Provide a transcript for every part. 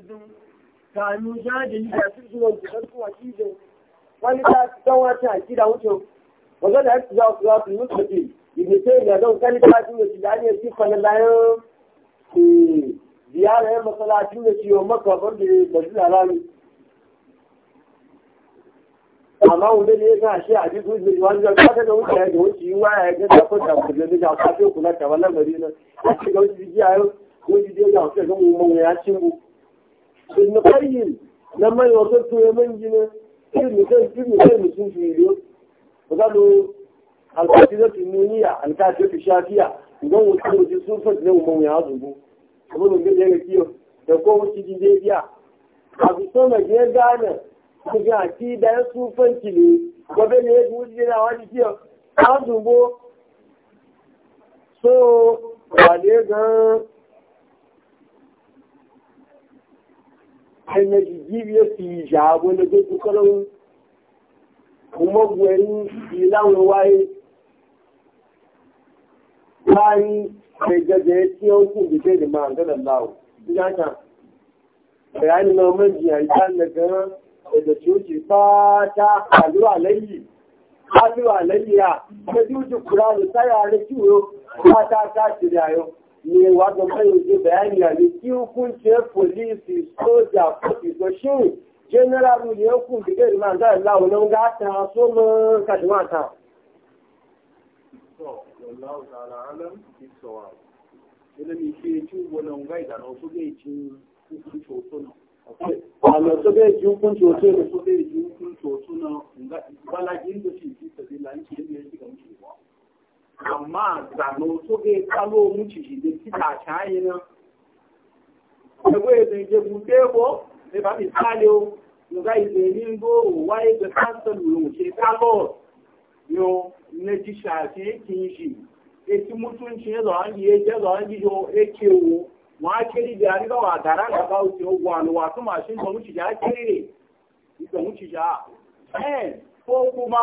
don kanu ya da yi da sun zuwa kusan wani ta tsawa ta gida wuce wanda da yake za su za su yi tafi ibi sai ga don kan ta tun da eh, ne shi fa layan ziyara ya masalacin da ciwo maka wanda ya bazu lalani amma wanda ne ya sa shi a jikin zuwa wani zai kwata da wuce ya da wuce yi waya ya ga zafin da kuje da jafa sai kula ta wannan bari nan a cikin wuce jiya yau ko jiya ya wuce ga mu mun ya cimbu ابن قيم لما يوصلت يمن جنة كلمة كلمة كلمة سنفيريو وقالوا في الصوفة لهم هم يعظموا kamar da zai yana kiyo da ko wuce jide biya a su so na je gane su ga ki da ya ne gobe ne ya wuce da wani kiyo an zubo so ba ne ga ẹnẹ ìjírí èsì ìyà abúlégé kúkọ́lọ́wọ́ ọmọgbọ̀n ẹni ìláwọn wáyé láàrin ẹgbẹ̀gbẹ̀ tí ó kù dìde lè máa gẹ́lẹ̀ láwọ̀ nígbàtà ẹ̀yà nínú ọmọ ìjìyà ìdánilẹ̀gán ẹ̀dọ̀ tí ó ti pátá àlúwà lẹ́yìn àlúwà lẹ́yìn à da ojú kùránù táyà rẹ̀ tí ó pátá yau. ne wadda mai yanzu bayani a ne ki hukunciyar polisi soja ko shin general ne hukun da ke rima zai lawo nan ga ta so mun kashi mata. to wallahu wasu kún tí ó tó rẹ̀. ń tó tẹ̀lé amma da n'otu ga-ekala omu chijide titachi anyị na eweze ebo ebe a misali o nga izeni ngo owa ebe kansan lòche kalọ yo ne jishashi ya zọ ndị eke wo wọn akeri bi ariga wa dara na ba otu ogwu a eh ko kuma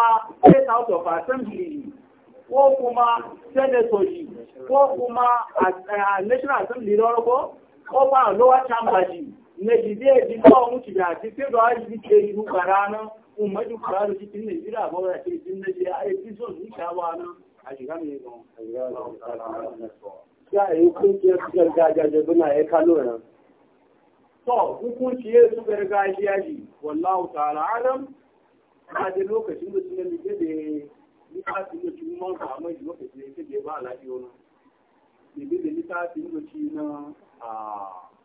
state house of assembly ko kuma senatoshi ko kuma a national assembly na ko ko ba lower chamber ji na jide ji ba mu ci da ti sai da ji ke yi rukara nan umma ji fara ji tin ne jira ba wa ke tin ne ji ai ti so ni ka ba nan a shiga me gon a shiga ya yi kunce su gargajiya da buna ya kalo na. to hukunci ya su gargajiya ji wallahu ta'ala alam a da lokacin da sunan da littafin da cikin man kamar da lokaci da ita ke ba a lafiyo na bebe da littafin da ci na a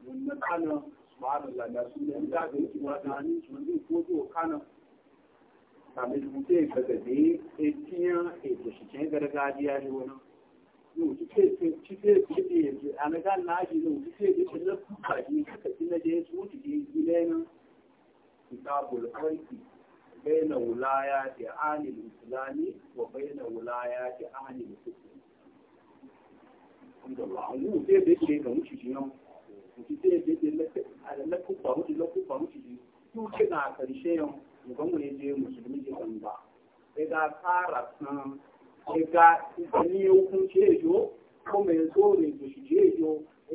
wannan kana ma'adar lada su da littafin da ci ma ta hannun su zai koto kana kamar da mutum ga بين ولايات أهل الإسلام وبين ولايات أهل الكفر الحمد في بيت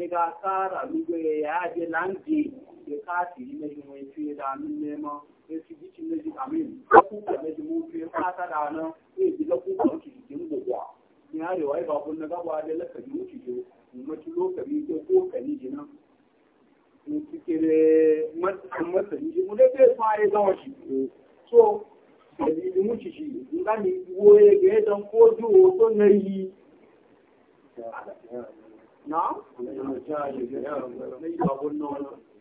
da na kufa karshe da kafiri na jin wai fiye da nun nema ya fi jikin na jin amin kuka na jin mun fiye kasa da nan ya ji na kuka wuce jikin gowa ni har ya babun na gaba da lakabi wuce jo kuma ki lokaci ko ko kani jinan in kike da masani ji mu dai bai fara zama shi so da ji mu ci shi in ni goye ga dan ko ji hoto na yi na na ja ya ga ya ga ni babun na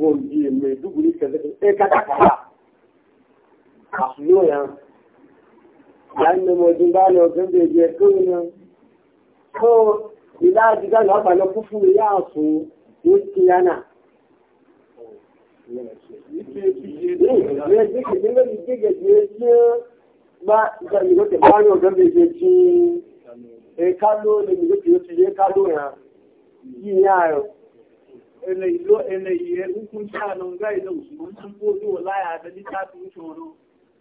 wọ́n bí i maiduguri kẹsẹ̀ ẹ kàkàkà àfúlò yẹn láìní mọ̀jú bá lọ gẹ́gẹ́ bí ẹ̀kọ́ yẹn tó ìlà àjíká lọ àpàlọ fúfú ìyá àfún ní kíyánà Ìkálò lè mìí ló kìí ó ti yé kálò yẹn, yìí ní ààrùn. eléyìí ẹkùn tí a lọ ń gáì lọ òṣùmọ́ tí ń kójú láyà àtẹ́lí láti oṣù ọ̀nà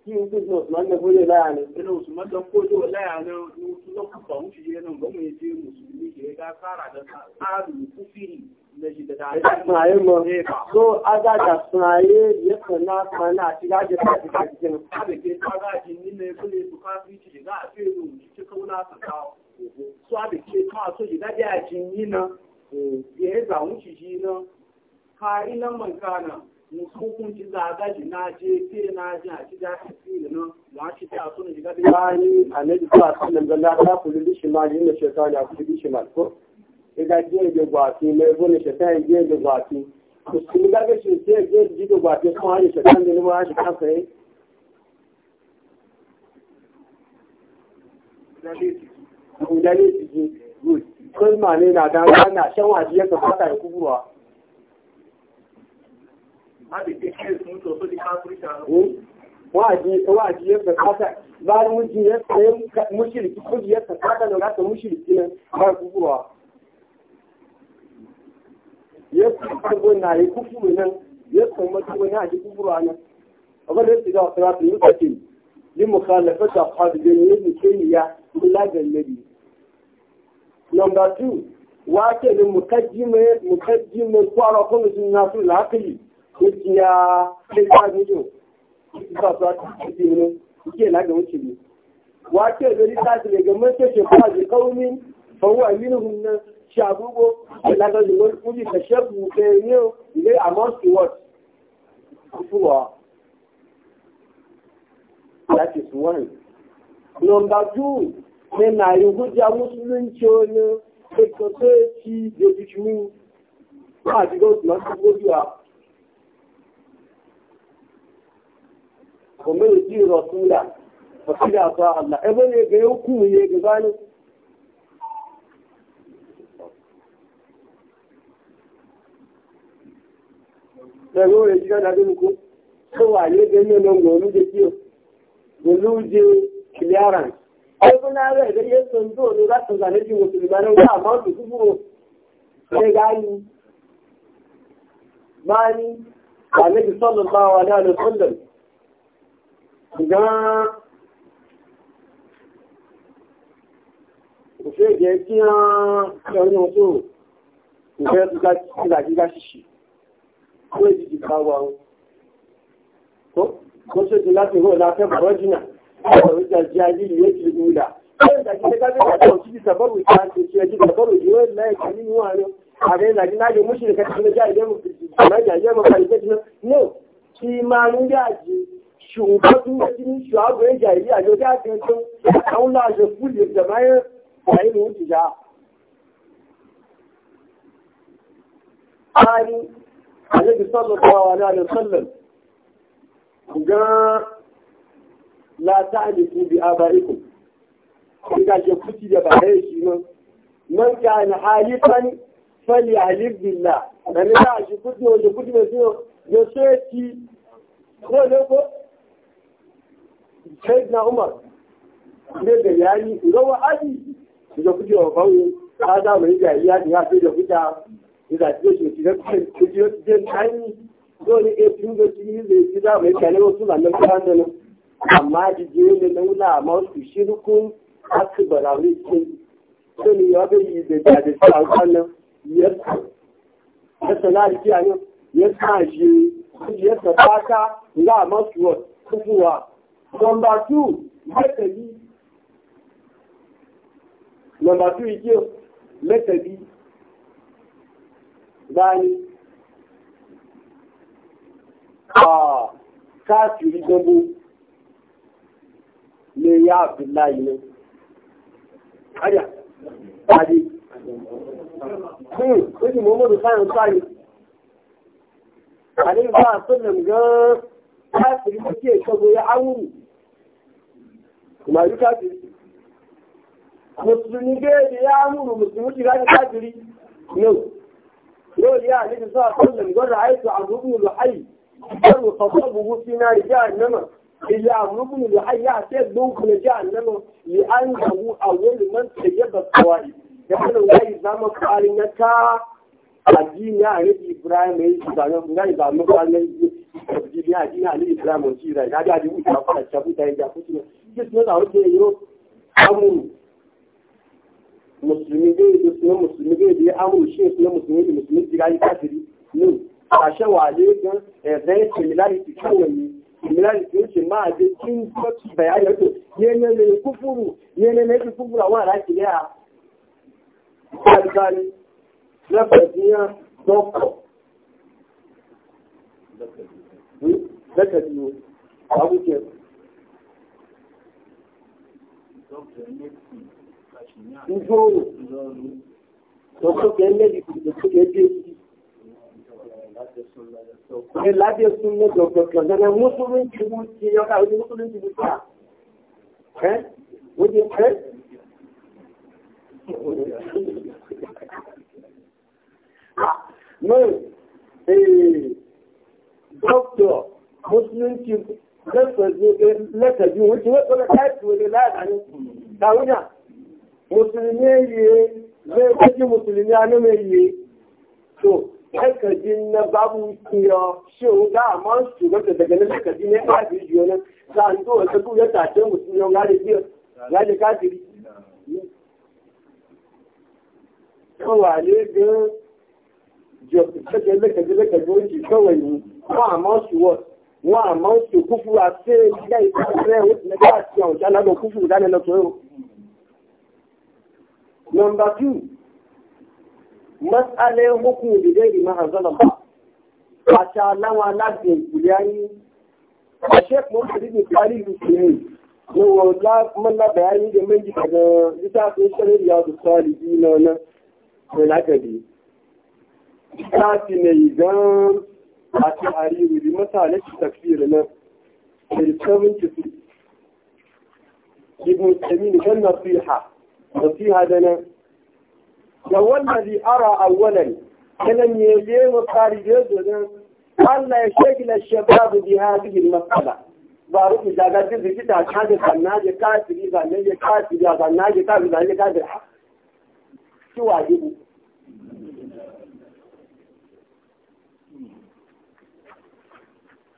tí ó gbogbo òṣùmọ́ lọ kójú láyà ni ẹnà òṣùmọ́ lọ kójú láyà ni ó tún lọ́kùnkọ̀ ń fi yẹn náà gbọ́mọ̀ èdè mùsùlùmí yẹ ká kára dọ́ta áàrùn kú fìrì a dada ayé mọ́ tó agájà sun ayé yẹ́kàn náà kan náà àti gájẹ́ láti gájẹ́ jẹun. kábẹ̀kẹ́ kágájì nílẹ̀ So a káfíńtì ke gáà so òjì tí a náà ni na. Eh, ya zamu shi shi nan ka'inan man kana hukunci zaga shi na je ce na ji a ci da shi fi nan ma shi ta so ne shiga da bani annabi sallallahu alaihi wasallam da ta kullu shi ma yin ne shaytan a kullu shi ma ko ida je da gwati mai gona shaytan je da gwati to sun ga ga shi sai je ji da gwati kuma har shaytan ne ba shi kan sai da ne da ne good kalma ne na gano na shan waje ya kamata ya kuburwa hmm? waje waje ya kamata bayan mutum ya tsaye eh, mushiriki kudi ya kamata na gasa mushiriki nan ba kuburwa ya ta na yi kufuru nan ya kuma na nan abin da ya shiga yi kwace yi da ya yi mutum ya kula da nabi Number two, wake ni mukajjime mukajjime kwara kuma sun nasu lafiyi kuciya kai ta nijo ba su ake kuci ne kuke na ga wuce ni wake da rita su daga mace ce ba ji kauni fawwa minhum na shagugo ila ga zuwar kuji ta shabu kai ne ile amount to what kuwa that is one number ne na yi hujja musulunci wani ekoto eti ebichimi ma adiga otu na nsogbu a kome eji rọtula atọ ala ebe na ege ukwu ya egegbanụ lẹ́yìn orí ìjìká dàbí nìkú tó wà ní ẹgbẹ́ mẹ́lọ́gbọ̀n olúdé tí ó pẹ̀lú jẹ́ clearance ọdún láàárọ̀ ẹ̀rẹ́ yẹ́ sọ ní òní láti ọ̀gá lẹ́jì wò tìrì máa ń wá àmáǹtì púpọ̀ ẹ̀gá ni máa ní àlejò sọ́nà bá wà ní àlejò sọ́nà ṣùgbọ́n ko Ko da jahili ya ke nuna kan da ke gabi ta ɗauki bisa baro ta ce ce ji da baro ji na ya kami ni wani a ga yanzu na ga mushi da kashe da jahili mu na jahili mu ce gaji no shi ma nun yaji shugaban da jini shugaban jahili a yau da ce tun kaula da kuli da bayan bayan wuce ja ani alaihi sallallahu alaihi wasallam ga la ku bi abaikum kun ga ke kuti da ba dai shi man man kana halifan falyahlif billah da ne za shi kuti ne da kuti ne so ya sai ko ne ko sai na umar ne da yayi rawa da kuti wa bawo ta da mai da ya ni ha sai da kuta da ta ce ki da kuti da tani dole e da ne da ki da mai kana wasu da nan amma da jije ne a masu shirkun aka barari ce ne ya bai yi da jade su a kwanan yadda ya sana da kiya ne ya sa shi ya sa fata na masu wa kufuwa number two mẹ́tẹ̀lí number two ike mẹ́tẹ̀lí a káàkiri gbogbo le ya abdullahi ne ƙarya ƙari kun kuji muhammadu sayan tsari a ɗin ba sun nan ga ko ke shago ya awuru kuma yi musulmi ga ya amuru musulmi shiga ta kafiri yau yau ya alibi sa sun ga ra'ayi su a rukun lu'ayi kan buhu sinar jihar nama إلا ربن لحيا تدوك لجهنم لأنه أول من تجب الطوائف يقول الله إذا قالنك addini a yi ibrahim ya yi tsanin na ibrahim ba na yi addini a addini a yi ibrahim on shira ya ga di wuta fara chabu ta ya ku ne kis ne da wuce yo amuru musulmi dai da sunan musulmi dai da amuru shi sunan musulmi da musulmi da ga kafiri ne a shawale ga eh similarity kawai ìmìláyì tí ó ṣe máa dé tí ń tọ́ ti bẹ̀yà yẹ́tò yẹ́nẹ́ lè kú fúrù yẹ́nẹ́ lè fi fúrù àwọn àláṣì lẹ́à káríkárí lẹ́fẹ̀ẹ́dìyàn tọ́pọ̀ lẹ́kẹ̀ẹ́dìyàn àwùjẹ. Ìjọ́rò, E la de soum la de soum. La de soum la de soum. Zanè mousoum ki mousi. Yon ka ou di mousoum ki mousi. Pre? Ou di pre? E, ou di pre. Men. Doktor. Mousoum ki mousoum. Leta di ou. Ou di leta di. Ayo. Ta ou nya. Mousoum niye. Men wè di mousoum niye. Anè men yi. Soum. hankali na babu kiyo shehu da ma su wata daga na suka ne ba su jiyo nan ta an zo wata duniya ta ce mutum yau gane biyu gane kafiri kawane ga jọ̀pẹ̀tẹ̀ lẹ́kẹ̀dẹ́lẹ́kẹ̀dẹ́ ó kọ́wẹ̀ yìí wọ́n àmọ́ sí wọ́n wọ́n àmọ́ sí kúfù àti ilẹ̀ ìpínlẹ̀ ó ti lẹ́gbẹ́ àti ọ̀já lábọ̀ kúfù dánilọ́tọ̀ yóò. nọmba 2 matsalai hukun da gairi mahazalan ba a sha lawa lafiyar kuliyani a shekwa wata rikin kwari da su ne yau kuma na bayani da mai jika da littafin shirin ya da salihi na wani mai mulakari fi mai gan a ta hariri da mutane su tafiyar na kirkirin kisu ibn tamin kan nasiha nasiha da nan لو الذي أرى أولا كلم يجي وخارجه ألا يشكل الشباب بهذه المسألة بارك إذا قد ذكرت عشان الزناجة كاتب إذا نجي كاتب إذا زناجة كاتب إذا نجي الحق شو واجبه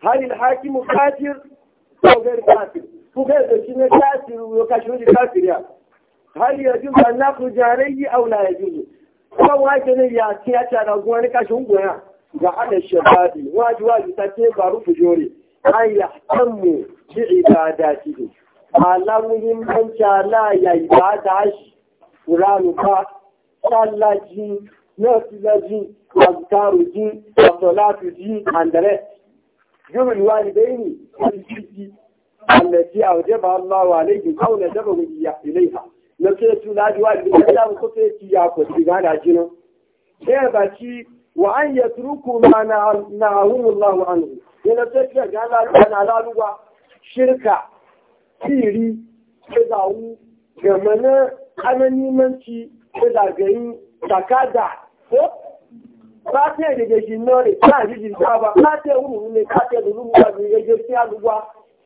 هل الحاكم كافر أو غير كافر؟ هو غير كافر ويكشف كافر يعني hal ya juzu an naku jarai au la ya juzu kuma wajen ne ya ce ya tara goma ne kashi hungoya ga hada shababi waji waji ta ce baru fujore an ya hannu ji ibadati ne ala muhimmanci ala ya ibada shi ƙuranu ka tsallaji nasilaji azkaruji asolatuji andare yubin wani bai ne alfiji allaci a wajen ba Allah wa alaikin kauna daga wujiyya ilaiha na sai su laji wa gidan da ko sai ci ya ko ci ga da jinin sai ba ci wa an yatruku ma na na'ahumullahu anhu yana sai ga ga na laluwa shirka firi sai da wu ga mana takada ko ba yi da gajin nore ta yi ta ba ba sai wuri ne ka sai da ruwa da gajin ta ruwa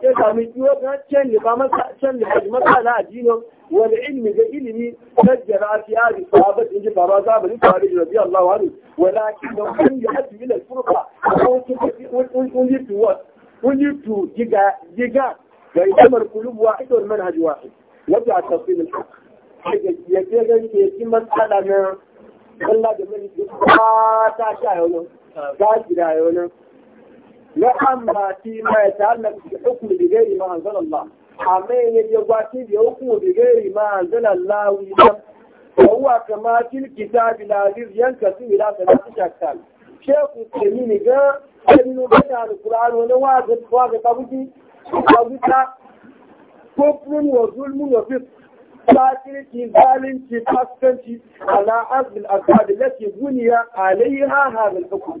ya sami kiwo ta can liba masana addinin wani ilmi ga ilimi na jarafi a da sahabat in ji baba zamani tare da rabi Allah wani walakin da kun yi hatu ila furfa kun yi tu kun yi tu diga ga ikamar kulub wa ita manhaj wahid wadda a tafsirin haka ya ke gan ke yi matsala na Allah da mani ta ta yau وأما فيما يتعلق بالحكم بغير ما أنزل الله أما يجواتي بحكم بغير ما أنزل الله فهو كما في الكتاب العزيز ينكسر إلى ثلاثة أقسام شيخ التميمي قال أنه بدأ القرآن هنا واجد واجد قبضي قبضي كفر وظلم وفسق فاكرتي ظالمتي فاسكنتي على حسب الأسباب التي بني عليها هذا الحكم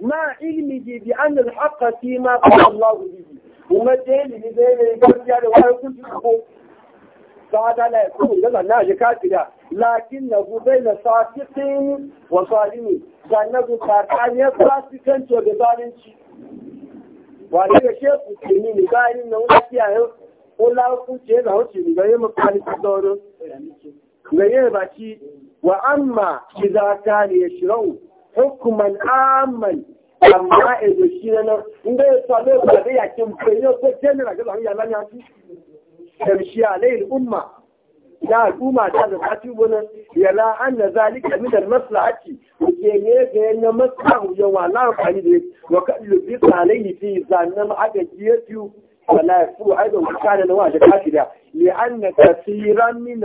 ma ilmi ji bi an alhaqa fi ma qala Allah bihi kuma dai ni dai ne gaskiya da wani kun ko sa'ada la yakun da na ji kafira lakin na gubai na fasikin wa salimi ga na gubai tsakanin fasikan to da zalunci wani da shefu ke ni ni bayanin na wani kiyayen ko lahukunce da hauce ni yi mu kwalifi sauran gare ba ci wa amma shi za ka ne ya shirau hukuman aman amma da shi na nan inda ya sa mai ba da yakin bai ko general ga zan nan ya ci tamshi alayhi umma ya al'umma ta da sati wannan yala anna zalika min al-maslahati ke ne ga na maslaha ya wala amfani da wa kallu bi alayhi fi zannam aga jiyatu ولا يفرو أيضا كان نواج الحافلة لأن كثيرا من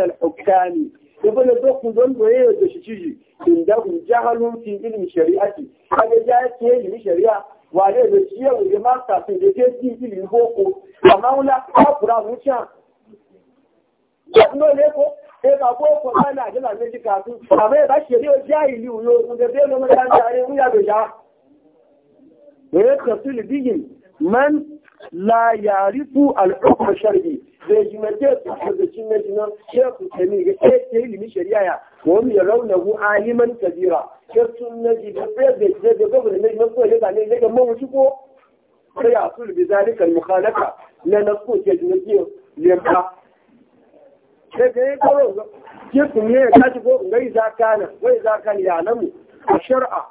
dokun don goye da shi ciji indahum jahalun fi ilmi shari'ati kaga ya ce ilmi shari'a wale da shi ya wuce masta sai da ke ji ilmi boko amma wala ka kura mutum no ne ko e ba boko ba na jira ne ji kasu amma ya ba shari'a jahili uyo mun da ne mun da ne mun ya doja eh tafsil bigin man la yarifu al'ukma shar'i zai ji mace su da cin na jinan sheku tani ga ke ke ilimin shari'a ya wani ya rauna hu aliman kabira ke sun na ji da fayar da ke da gwamnati na jinan kawai da ne daga shi ko sai a sul bi zalikal mukhalaka na na ko ke jinan ke lemba sai ga ya karo ke kun ne ka ji ko ngai zakana wai zakana ya namu a shari'a,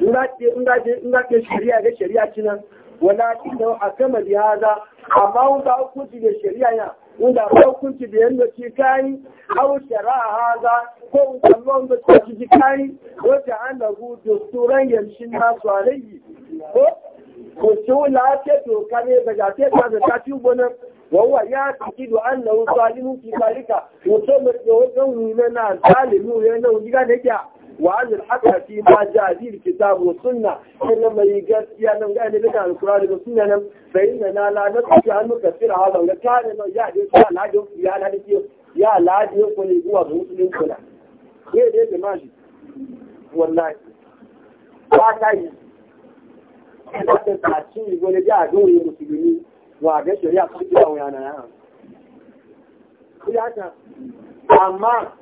in ga ke shari'a ga shari'a cinan walakin da a kama da yaza amma wanda hukunci da shari'a ya wanda hukunci da yanda ci kai aw shari'a haza ko kallon wanda ci ji kai wata annahu dusturan yamshin nasu alayhi ko ko to la ce to kare daga ce ta da ta ci gonan wawa ya tafi da mutum da wuri na zalimu a a a e a tu a ye a a a a a ada ot nen e na na a na kaa na a a a a a ana aga adih ya na a okwe ye w w ụ ki tena e e a aa aa nye da a we na a a e e a nụee n nyaya a a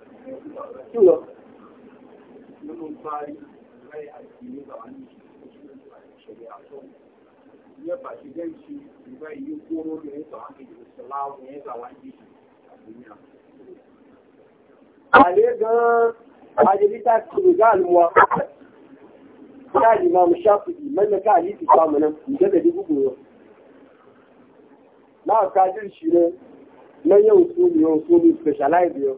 jùlọ. ya ba shi gan shi ba yi koro da ya tsawa da salawu ya tsawa shi a duniya. Ale gan hajjabita su ga almuwa ta limamu shafi manna ka aliti samu nan da da dubu goyo. Na kajin shi ne na yau su ne yau su ne specialize yau.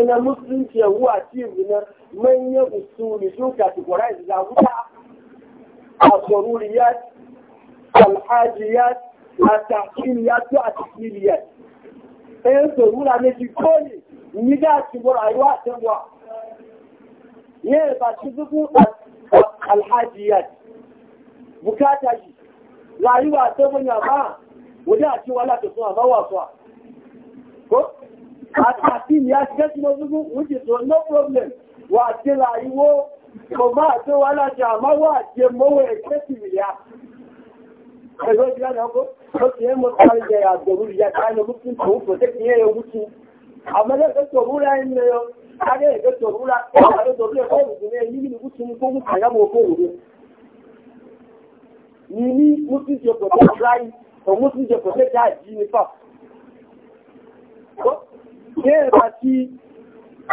ina musulunci ya wuwa cibi na manyan usuli sun categorize da wuta a soruriyat alhajiyat a tafiliyat a tafiliyat ɗayan sorura ne ji kone ni da ci bu rayuwa ta buwa yin ba ci zubu alhajiyat bukata shi rayuwa ta bunya ba wadda a ci wala ta suna ba wasuwa àti ìyá jẹ́sí lọ́gbùn which is no problem wà jẹ́ láìwó kò máa tó wá láti àmáwà jẹ mọ́wọ́ ẹ̀kẹ́ ìyá ẹ̀rọ ìyá lọ́gbọ́ tó ti ẹ́ mọ́ ṣé ẹ̀bà tí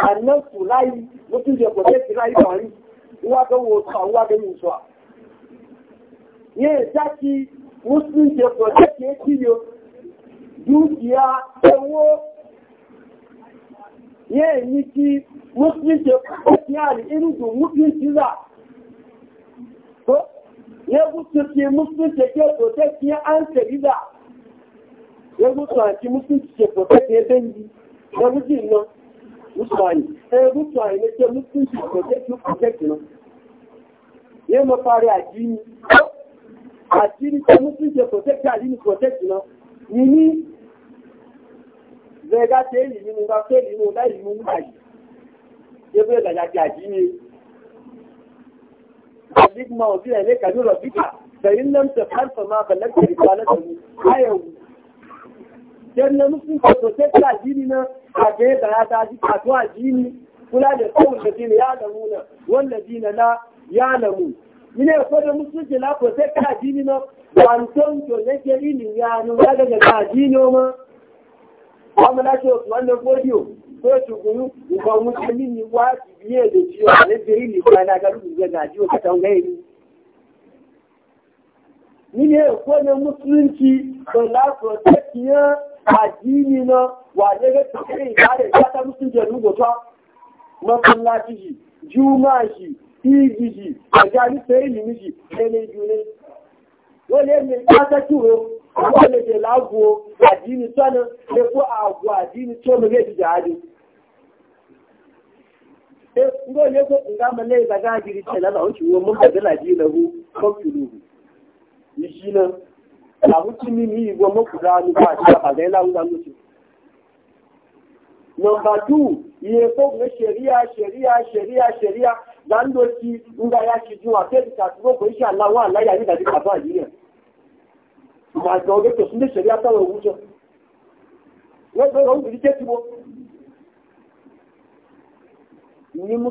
ànẹ́sù láyé ló tún jẹ kò tẹ́sí láyé parí wíwájọ́ wo sọ àwọn wájọ́ mi sọ à. kí Muslim jẹ kò tẹ́sí etí yo dúkìá ewó. Yé ẹ̀mí kí Muslim jẹ kò tẹ́sí ti rà. Yé Muslim ti Muslim jẹ kò tẹ́sí àǹtẹ̀ rírà. Yé Muslim ti Muslim yìí. Wọ́n méjì lọ, Mùsùlùmí, ẹ̀rọ Mùsùlùmí ní jẹ́ Mùsùlùmí project ní project náà. Yẹ́ mọ parí àjíní. Àjíní jẹ́ Mùsùlùmí jẹ́ project àjíní project náà. Ní ní Zẹ̀gá tẹ́lì nínú bá tẹ́lì nínú láì mú mú àyè. Yẹ́ bẹ́ẹ̀ dàjà jẹ́ àjíní. Àdígbọ́n òbí ẹ̀ lé kàdúrà rọ̀ bíkà. Bẹ̀yìn lẹ́mtẹ̀ fáńtọ̀ máa bẹ̀lẹ́ kẹ̀rì pa lẹ́tọ̀ mi. Ayẹ̀wò. Jẹ́ ní Mùsùlùmí project àjíní náà. Ake da ya tashi kasuwa jini kula da kawun da jini ya lamu na wanda jini na ya lamu ina ya kodin na ko sai ka jini na to ne ke ini ya nu ya daga ka jini ma na ce ko ni wa biye da ciwo ne biri ni kana ga rubu ga jiwo ka tangayi ni ne ko addini na waje ga tsakiri kare ya ta musu jaru gota masallaci shi juma shi iji shi a jari sai ilimi shi ɗaya june wale ne ya ta ciwo wale ke laguwo addini sanin ne ko a agwa addini to mu zai fi eh, ngo ne ko nga ga tela ko làwùtí ní ní ìwọ mọ́kùnrin alùpà àti àpàdé láwùjá lóṣù. nọmba tù iye fóònù ṣẹríà ṣẹríà ṣẹríà ṣẹríà dáńdó ti ńgbà ya ṣe ju àtẹ́bí kàtúgbò kò ṣe aláwọ̀ aláyà ní ìdájí bàbá yìí rẹ̀. ìgbà àgbà ọgbẹ́ tó súnlé ṣẹríà sọ̀rọ̀ òwú jọ. wọ́n gbé ọ̀hún ìdí tẹ́tí wo. ní mú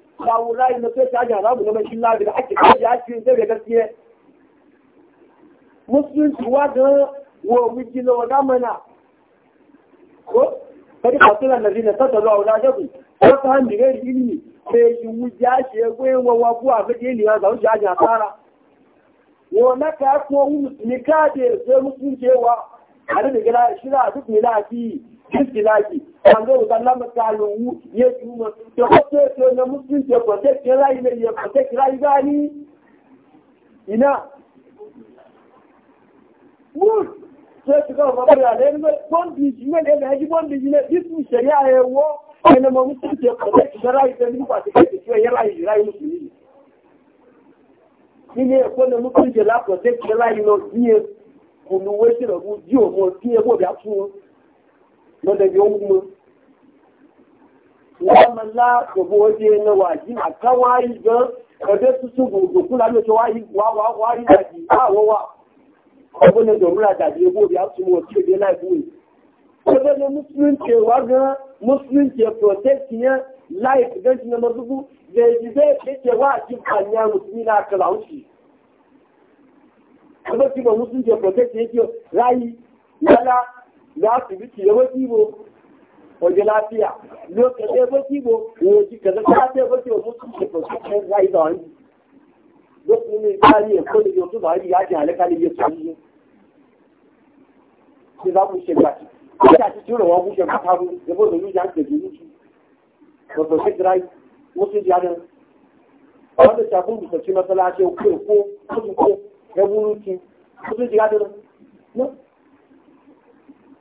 ba wurayi na sai ta jara mu na mashin labi da ake kai ya ce zai ga gaskiya musulunci wa ga wa wiki na wa gamana ko kadi fasila na zina ta talo aula da ku ko ta handi ga ilimi sai shi wuja shi ya goyi wa wa ku a ga ilimi ya zauji a jasara wa na ka ko musulmi ka de sai musulunci wa har da gina shi da duk ne lafi kirkilaji wanda wuta lamata yowu ya tuma ta kwato ya to na musulunci ya protect ya rayu ne ya protect rayu gani ina mut sai su kawo babar da ya nuna bondi shi ne da haji bondi shi ne bisu shari'a ya wo ya na ma musulunci ya protect ya rayu da ni ne ko na musulunci la protect ya rayu no biye kunu wesi da ku ji o na ogun wọ́n da gbogbo ojú ẹnà wà jí àkáwárí gan ọdẹ́ tútù gbogbo lálóṣọ wáyé àjí àwọ́ wà ọgbọ́n ẹjọ́ múra dàbí egbò bí a túnmọ̀ tí èdè láìpù yìí ọdẹ́ ne muslim ṣe wá musulun ke ṣe musulun yẹn láìpù gan ṣe nọmọ dúdú bẹ̀ẹ̀dì bẹ́ẹ̀ zai ṣe wá àjí àní àrùn kanya musulun àkàrà ó sì ọdọ́ tí ba musulun ke protect ne ṣe ráyí yálà lásìbítì ẹwọ́ tí mo ọjọ́ láfíà ló kẹ̀lẹ́ ẹwọ́ tí mo òjì kẹ̀lẹ́ láti ẹwọ́ tí òun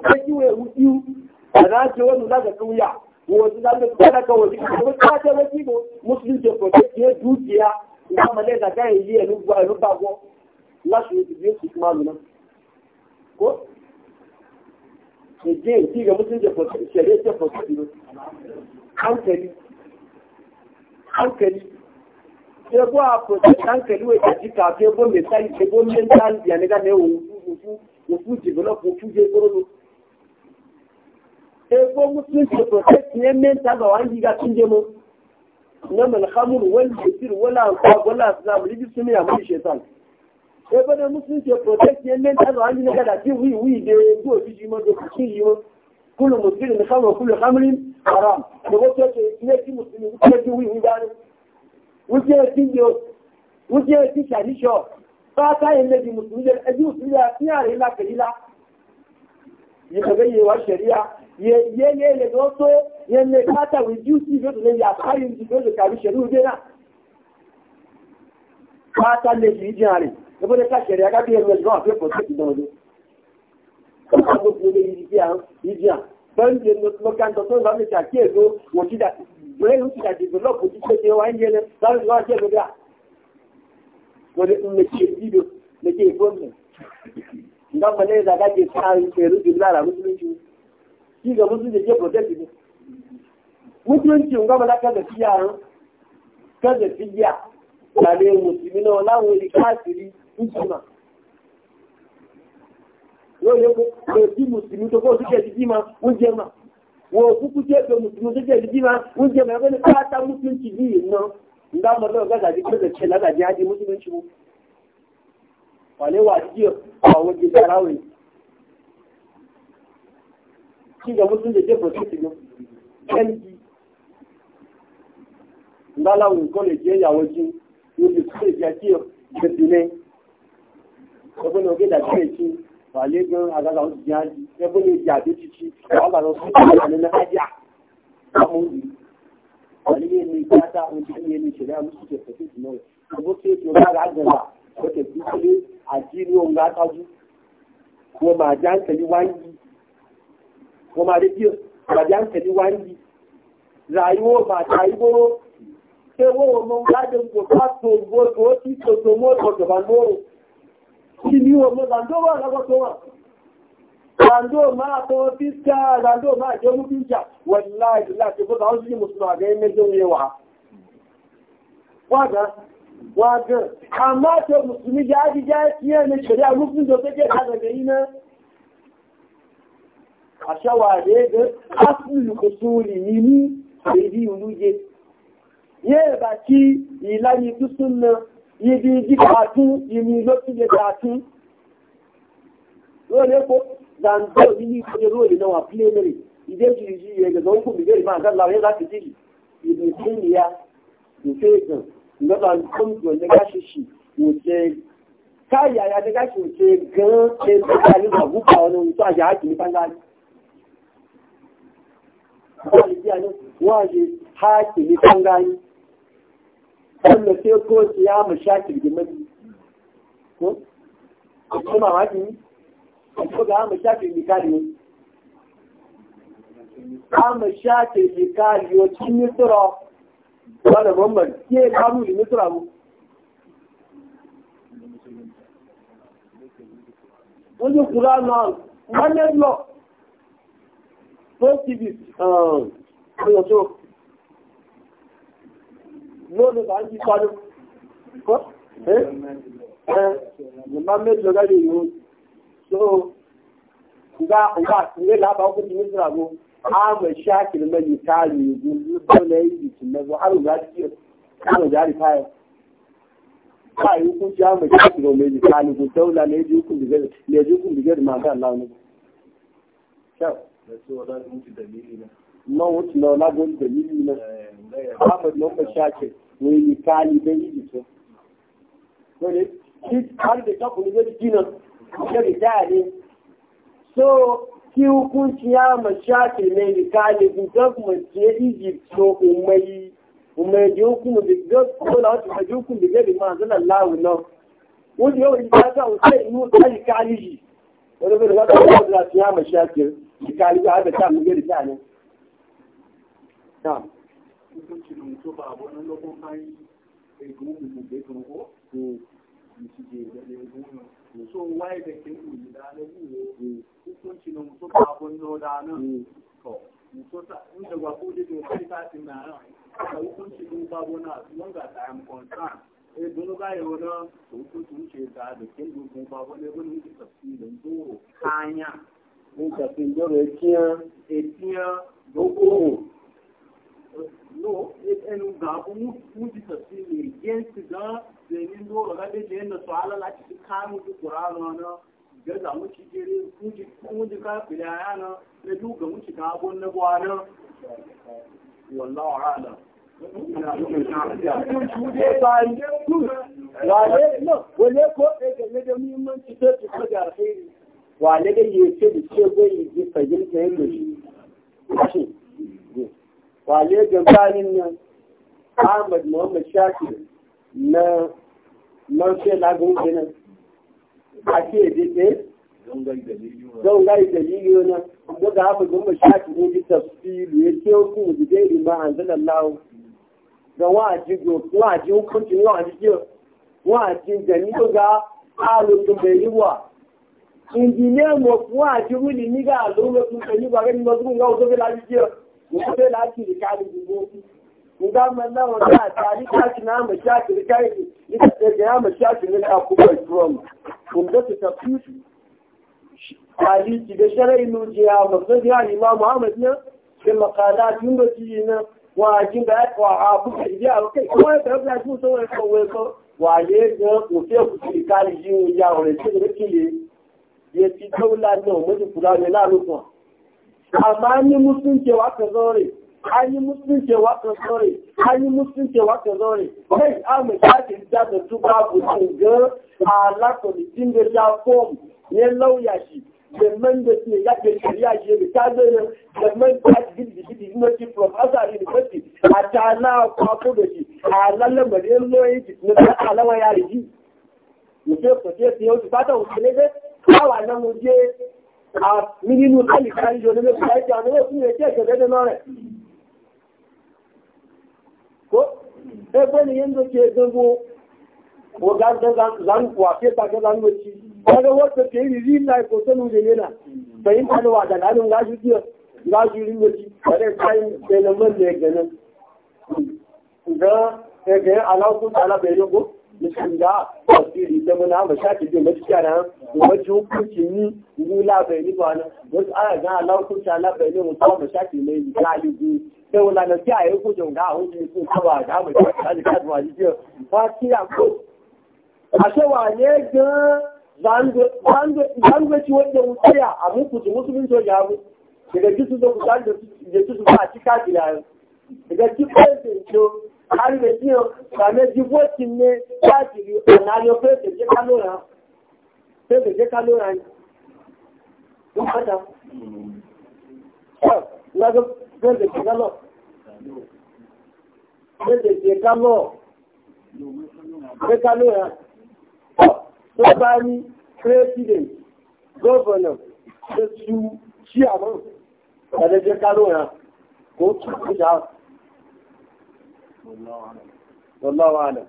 kaki a ce ka kauya wasu za ka tsara ka wasu ce ko musulun ke dukiya na yi a lubba lubba ko na su yi nuna ko ke ki ga musulun ce hankali hankali a hankali wai ka ji ka bo mai sai ke ne ga ne wo wo wo wo ego musulunci da protect ne menta ga wani ga tun jemo na malhamur wal jisir wala amfa wala islam liji sun ya mai shetan ego da musulunci da protect ne menta ga wani ga da wi wi de go biji ma do yi ma kullu muslimin khamr kullu khamrin haram da ce ne ki musulmi ko ki wi wi da ne wuje ti yo wuje ti shanisho ba ta yin ne musulmi da aji musulmi e da tiyare la kalila ìgbẹ̀gbẹ̀ yìí wá ṣẹ̀ríà yẹ ní ilẹ̀ tó tó yẹ ní káàtà reduce ìgbẹ́ tó lè yà káyì ìgbẹ́ tó kàrí ṣẹ̀rí ojú náà káàtà lè fi ìdí àrẹ̀ ẹgbẹ́ ní ká ṣẹ̀ríà ká bí ẹgbẹ́ ìgbọ́n àfẹ́ pọ̀jẹ́ ìdán ọdún káàtà tó fi lè ìdí à ìdí à bẹ́ẹ̀ ní lọ́kàntọ̀ tó ń bá mi da èso wọ́n ti dà bẹ́ẹ̀ ti dà dìbòlọ́pù ti yi ṣe wáyé yẹn lọ́wọ́ ìwọ́n ṣẹ́ lórí à wọ́n lè ń lè ṣe nga mane da kake tsari peru din lara musulunci shi ga musulunci ke protect ne musulunci nga mane ka da fiya ka da fiya da ne musulmi na wala wuri kafiri hikima yau ne ko ti musulmi to ko suke ma, mun je ma wo kuku ce ko musulmi suke ma, mun je ma ga ne ka ta musulunci bi no nga mane ga da ke da ce na da jadi musulunci mu wale wa jiya a wajen tarawih shi ga mutum da ke protect ne kanji ndala wun kole ya wajen yóò tó ìjà tí da gbèsè lẹ ẹgbẹ́ ní ogé ìdájọ́ èkí wàlẹ́ gan agbára oṣù jẹ́ àjí ẹgbẹ́ ní ìjà àti títí wàhálà lọ sí ìjà nínú ájà ọmọ òbí wàlẹ́ yé ní ìjà àtà oúnjẹ ní ẹni ìṣẹ̀lẹ̀ àmúṣù tẹ̀sẹ̀ sí ìdùnnú rẹ̀ ọgbọ́n tí ó ti ọgá àgbẹ̀là ó tẹ̀sí sílé àṣírí ohun látọ́jú wọ́n máa já ń tẹ̀lé wáyé wọ́n máa rédíò máa já ń tẹ̀lé wáyé ràyíwó bàtà ìgbóró ṣé wọ́n wọ́n láti ń kò bá tó gbó tó tí tó tó mọ́ ọ̀dọ̀ bàndóró kí ni wọ́n mú bàndóró lọ́wọ́ tó wà rando máa tó fíṣà rando máa jẹ́ mú fíṣà wọ́n láì láti bó ta ó sì mùsùlùmí àgẹ́ méjì ń yé wa. wọ́n wato amma to musulmi ya ji ya fiye na shari'a musulmi da take ta da yi na a shawa da ya ga asulun kusuri nini da yi wuje ya ba ki ilani dusun na yi bi ji katun yi mi lokacin da katun dole ko zanzo yi yi ko role na wa plenary idan ki ji ya ga zan bigari bi ga ba ga lawa ya za ki ji ibn taymiya ibn ya lọ́dọ̀ gómìnà onígáṣíṣì òṣè káàyè àyà onígáṣì òṣè gan-an ṣe tó ká ní àbúkà ọ̀nà ohun tó àyà àjò nípa ńlá wọ́n àyè ṣáàkì ìdí mẹ́bí ọ̀pọ̀ màmá kìí Bọ́lẹ̀ Mọ́mọ̀ kí é bá rúrì ní Tùràwó. Ó ní kùrá náà, wọ́n lé lọ. Tó ti bì bá ń jí sọ́dọ̀. Kọ́? Ẹ́? Ẹ́? Ìmá méjì lọ́gá lè yóò. So, ìgbà ìgbà ó kú ti ní Tùràwó. Ahmad Shakir mai ta rubu zaune yi bikin na zo har za ki kama jari kayan. Ba yi hukunci Ahmad Shakir mai ta rubu zaune yi ji hukun digar ne ji hukun digar ma ga Allah ne. Kyau. Ma wuce na wala don dalili na. Ahmad Muhammad Shakir mai yi ta rubu yi bikin. Dole, har da kakuni zai jinan, ya ne. So, ki hukunci ya mashafi ne da kalibin government ya egypt so umayi umayi ji hukumu da gaskola wata ta ji da gari ma zana lawu na wani yau yi ta ga wuce inu kali kaliji wani zai da wata wata ga ya mashafi da kalibin haka ta mu gari ta ne ta Mm. So wwaj de kem kou jidane, wwou wwou, wwou koun chi nou mwou kou pavoun nou danan, mwou mm. kou sa, mwou se wapou jidou, mwou se li pati nanan, mwou koun chi nou pavoun nanan, mwou kou sa yon kontran, e dono gayo nanan, mwou koun chi nou chedade, kem kou kou pavoun, mwou koun chi nou kanyan, mwou koun chi nou etiyan, etiyan, joun kou mwou, no en ga mu fuji tafsiri yen ga zenin do ga de ne na sala la ci mu du qur'an na ga da mu ci ji ku ji ka ya na da du ga mu ci ga gon na na wallahu ala wale ko ne da muhimmanci ta tuka ne ne wale da yake da ce zai yi fahimta yadda shi wale gabanin nan ahmad muhammad shafi na marfe lagun ginin a ce jike don gai na daga hafi muhammad shafi ne ji tafsiru ya ce hukun da dai an zana lawo da wa'aji hukuncin wa'aji kiyo wa'aji gani ga bai yi wa injiniyan mu wa'aji wuli ni ga alutun bai yi wa gani masu ga lafi nígbà láti ìkárí gbogbo nígbà mọ náà wọn náà ta nígbà tí náà mọ̀ ṣáàtì ní káyìí nígbà tí náà mọ̀ ṣáàtì ní àkókò ìdúrọ̀mù òǹdó ti tà fún Aliki da ya nujiya masu ya Imam Muhammad ne, sai makala tun da ci na wajin da ya kwa a buka idiya a kai kuma ya tafi ya wani kawai ko waye ga kofi ya kusa kari yi ya wani cikin rikin ya fi taula na wajen kula ne na rukun amma an yi cewa ka zaure an yi cewa ka zaure an yi cewa ka zaure kai amma ta ke da da tuba ku ga da ya form ne lauya shi da man da ke ya ke shari'a shi da ta zai da man ta gidi gidi na ki professor university a ta na kwako da shi a lalama da yin loyi na ta alawa ya rigi mutum ko ce ta ta wuce ne mi nínú kálìkálì jọ nílé fún ẹjọ́ àwọn ẹ̀kún rẹ̀ jẹ́ náà rẹ̀ kó ẹgbẹ́ ni yẹn ló ṣe gbogbo ọ̀gá zanúkọ̀ àfẹ́gbàgbẹ́ zanúwẹ̀tì ọ̀rẹ́ wọ́n tó kèé nígbà ọ̀sìrì ìtẹ́mọ́nà àwọn ṣáàkìdì mẹ́tíkàrà wọ́jú kùkì ní ìlú lábẹ̀ nígbà náà wọ́n ti ara gan aláwọ̀kùnkì alábẹ̀ ní ohun táwọn ṣáàkìdì ní ìlú láàlùgbé tẹ́wọ̀n lànà tí àyè kójọ ǹgá àwọn ohun ìfún káwà àdáwọ̀ láti káàdùn àjíjẹ́ wọ́n kí àkó àṣẹwà ní gan zango ci wanda wutsaya a mukutu musulun to ya mu daga jisu da kusa da jisu ba a cika filayen daga cikin har da biyo ba na jibotin ne ta jiri ɓanariyo fai da je kalora fai da je kalora ne ɗin fata na ga fai da je galo fai da je galo fai kalora tó bá ní president governor tó su chairman ẹ̀lẹ́jẹ́ kalora kó tún ìjà wallahu alam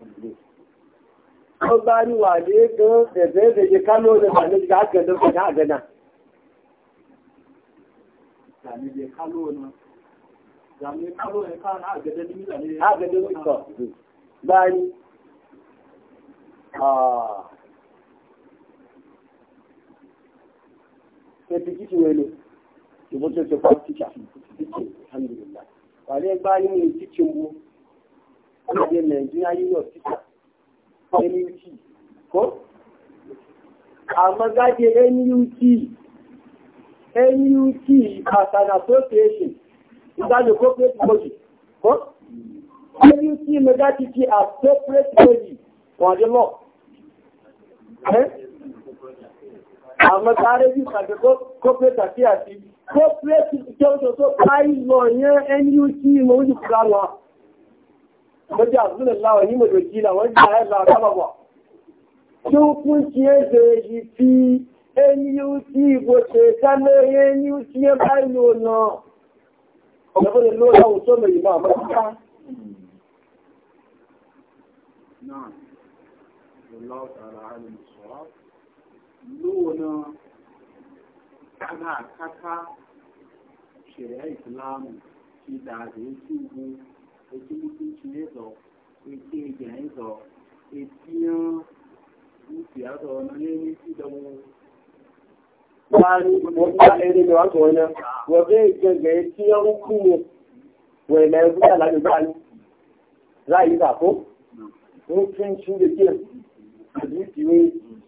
ko bani wale ga da zai da ke kano ba ne ga aka ta kano na zami kano ne kana a gadan ni zami a gadan ni ko bani ah alhamdulillah ne cikin ọmọdé nàìjíríà yíyọ títà nut kó àmọ́ gáde nut nut as an association ìgbàlẹ̀ corporate body kó nut megatiti as corporate body wọ́n dé lọ àmọ́ tààrẹ bí pàdé corporate àti àti corporate jẹ́ òṣòṣò láì lọ yẹn nut mọ̀ ojú kúrò àwọn wajen da lawa ni mai wakila wajen ayar lawa kama ba tí ó kún tí ẹ zèèjì fi ẹniú tí ìbò ṣe sálẹ̀ ẹniú tí ẹ bá ìlú ọ̀nà ọ̀gbẹ̀bẹ̀rẹ̀ ló láwùn tó lè ìmọ̀ àmọ́síká Ṣèrè ìsìláàmù ti dàrí sí etí mutu chinezo etí egenezo etí uti azo na n'enye isi dawo kwari mọta eri ni wa sọ ya wọbe gẹgẹ etí ọkụ wẹlẹ ẹgbẹ alágbègbè anyị láyé ìdàkó ó tún ń ṣúlẹ̀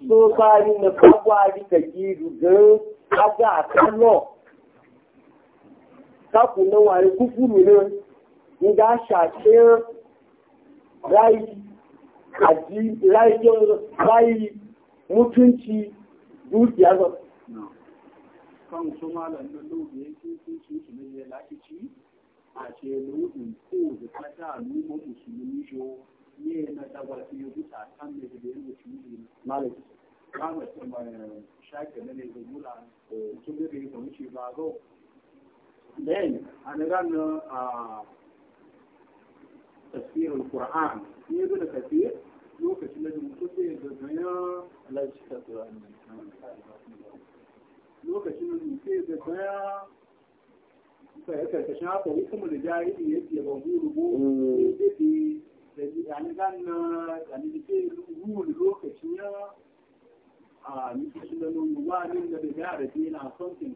tó bá rí nípa wá rí kẹ̀kí rùgbẹ́ ágbà àkálọ̀ sákùnà wà rí náà nígbà ṣàṣẹ́rán ráyí àti ráyí mútúnci dúkìá lọ. Kan tó máa lọ lóògbé tí ó tún ṣe ìṣẹ̀lẹ̀ láti ṣí àṣẹ lóògbé kó òjò pátá àmì mọ́ mùsùlùmí yọ ní ẹ̀nà dágbà tí ó dúkà sáàmì ìdílé mùsùlùmí lálẹ́. Láwọn ẹ̀sẹ̀ máa ṣáàkẹ̀ lẹ́nu ìgbòmúlà tó bẹ̀rẹ̀ ìgbòmú ṣe bá gọ́. Bẹ́ẹ̀ni, àníra náà tafsirin Qur'an ne zo da tafsir lokacin da mutum sai ya ce ban da yani ganna yani da ke na something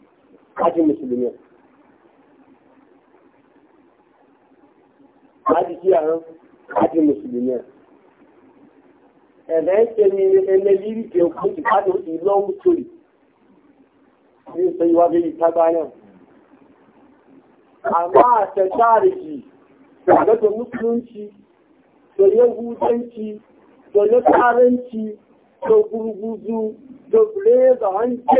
kafin musulmi hajji kiyayen hajji musulmi ẹ̀rẹ́ ẹ̀mí ẹ̀mẹ́ lírí jẹ́ òkú ti káàdùn ìlọ́wọ́ torí ní sọ ìwádé ìtagbá náà àmá àtẹ̀sáàrìjì àgbẹ́gbẹ̀ mùsùlùmí tó yẹ wúdẹ́ǹtì tó yẹ kárẹ́ǹtì tó tó gbúrẹ́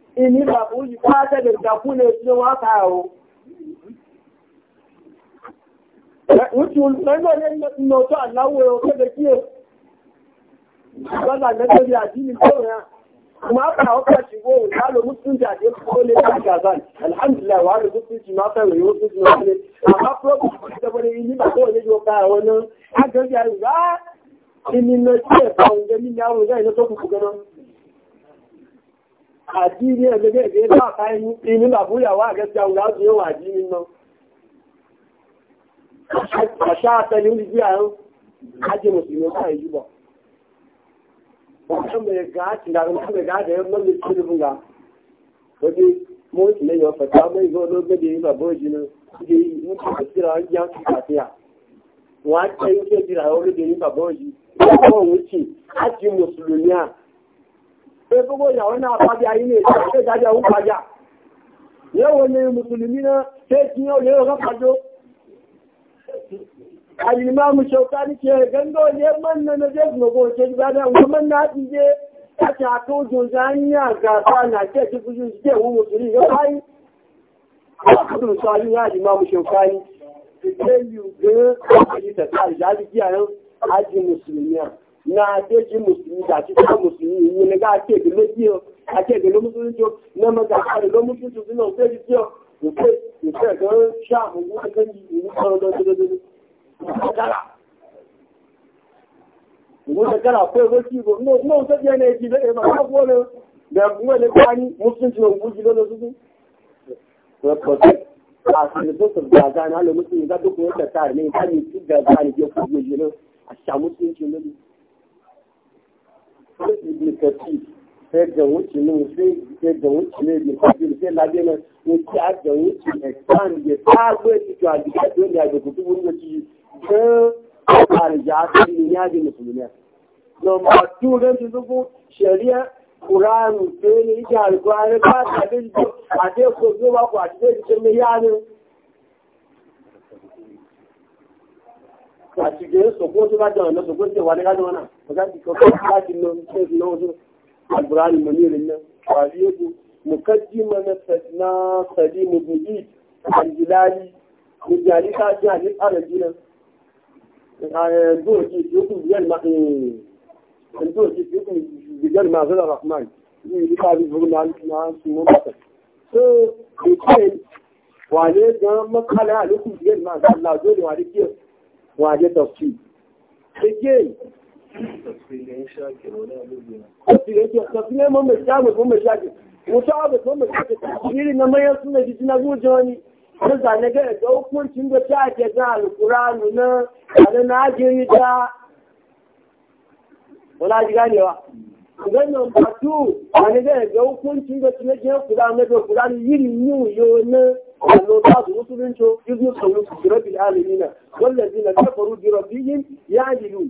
ini ba ku yi fata da da ku ne cikin waka o wuce wanda ne noto allawo ya wata da kiyo wanda na tabi a jini kawai a jesu ko ne ta gazan alhamdulillah wa da mutunci ma fa yi àti ilé ẹgbẹ̀gbẹ̀ ìgbẹ̀ láàká inú bàbúyàwó àgẹ́sẹ̀ àwùrá tí ó wà jí nínú àṣà àtẹni ó lè bí àrùn ajé mùsùlùmí ọkà ìjúbọ̀ ọ̀pọ̀ mẹ́rẹ̀ gáàtì láàrín mẹ́rẹ̀ gáàtì ẹ̀rọ mọ́lẹ̀ bàbá òjì òun á ti à pé gbogbo ìyàwó náà pàdé ayé ní èdè ṣe ìdájọ́ pàjá yẹ́wò ni mùsùlùmí náà ṣe kí ó lè rọ́ pàjó alìmọ́mù ṣọ́ká ní ṣe gẹ́gbọ́ ilé mọ́nà na jẹ́ gbogbo ṣe mọ́nà ti jẹ́ láti àtúnjù na ce shi musulmi da shi ta musulmi ne ga ake da lafiya ake da musulunci na maza a da musulunci suna sai da ciyo da sai da sai ga sha mu da kan yi mu tsaro da da da kara mu da kara ko ko ci go no no sai ya ne ji da ba ko wala da kuma da kwani musulunci ne guji da su ko ko a cikin sosai da ga na lo musulunci da duk wanda ta ne ta ne ci da ga ne ko guji ne a sha musulunci ne sai ibn kafi sai ga wuce ne sai ga wuce ne ibn kafi sai labe na wuce a ga wuce ne kan ya ta gwe ki to a diga to ne ga kuku wurin ci dan alja ta ni ya ji musulmiya no ma tu ran ji zugo sharia Quran sai ne ita alƙur'ani ba ta bin a dai ko zuwa ku a dai ji ne ya ne a cikin sokoto ba da wannan sokoto ba ga za ki kawo kajin nan sai na wajen alburani manirin nan kwariye ku mukaji mana na sari mu bibi alilali mu jari ta ji a jin arabi nan zuwa ah, eh, ke yukun biyar ma in zuwa ke yukun biyar ma zuwa rahman yi yi kari zuwa na alifu na su mun fata so ku ce wane don makala alifu biyar ma zuwa ne wane ke wane tafsir again tafsirin mamman shamus mamman shamus wasu abu mamman shamus tafsirin na zane ga da hukuncin da ta ake na alkuranu na tare na ajiyar ta wala ji ganewa wani ga da hukuncin da ta nake na na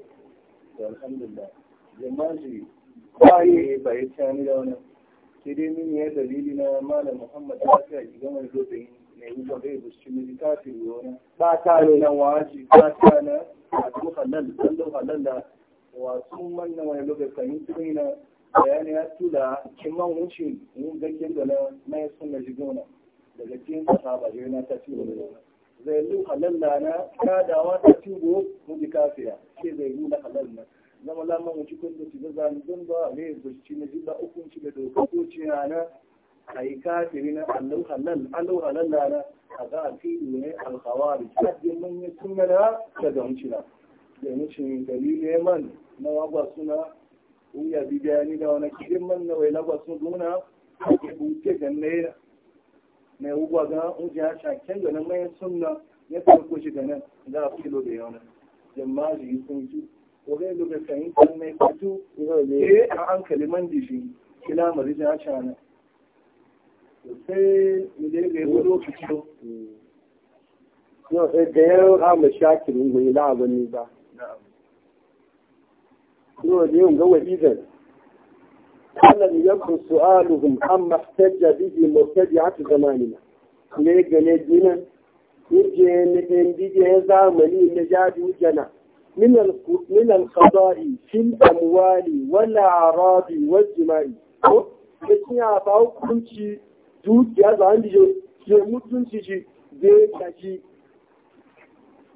alhamdulillah jama'i ba yi bai tani da wani sai dai min ya dalili na malam muhammad ta ta yi gama zobe na yi ba bai busci mai kafin wani ba ta ne na waji ba ta na a cikin halal sallan halal da wasu manna wani lokaci kan yi tuni na bayani ya tula kin man wuce mun gakin da na mai sun na jigona daga cikin sahaba jina ta ci wani lokaci zailu halal na na kadawa ta tubo mu bi kafiya ke zailu na halal na zama lamar mu cikin da cikin zani don ba ne zuci na jiba ukun shi da dokokoci na na a yi kafiri na allau halal allau halalla na na a ga alfidu ne alkhawari kaɗin manyan sunana daga mucina da mucin dalilin man na wagwa suna wuya bidiyani da wani kirin man na wai lagwa sun nuna a ke buke ganne mai hukwa ga ujiya shakken ga nan mai sunna ya farko shi da nan za a lo da yawa jama'a ji sun ji ko ga yadda ka sayin kan mai fatu yi eh, a hankali man di shi kila mari sha na sai mu je ga yau lokaci to no da yau ha eh, mu shakirin mu ila ba yi da ne ga wajizan alam yakun su'aluhum amma ihtajja bihi murtaji'atu zamanina ne gane dinan yake ne en dige zamani na jadi wujana min al min al qada'i fil amwali wal a'radi wal jima'i ko ke ya ba hukunci dukiya za an dige ke mutunci ji be kaji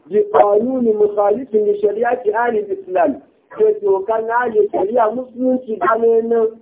bi qanuni mukhalifin li shari'ati ahli al-islam ke dokan ahli shari'a musulunci da ne nan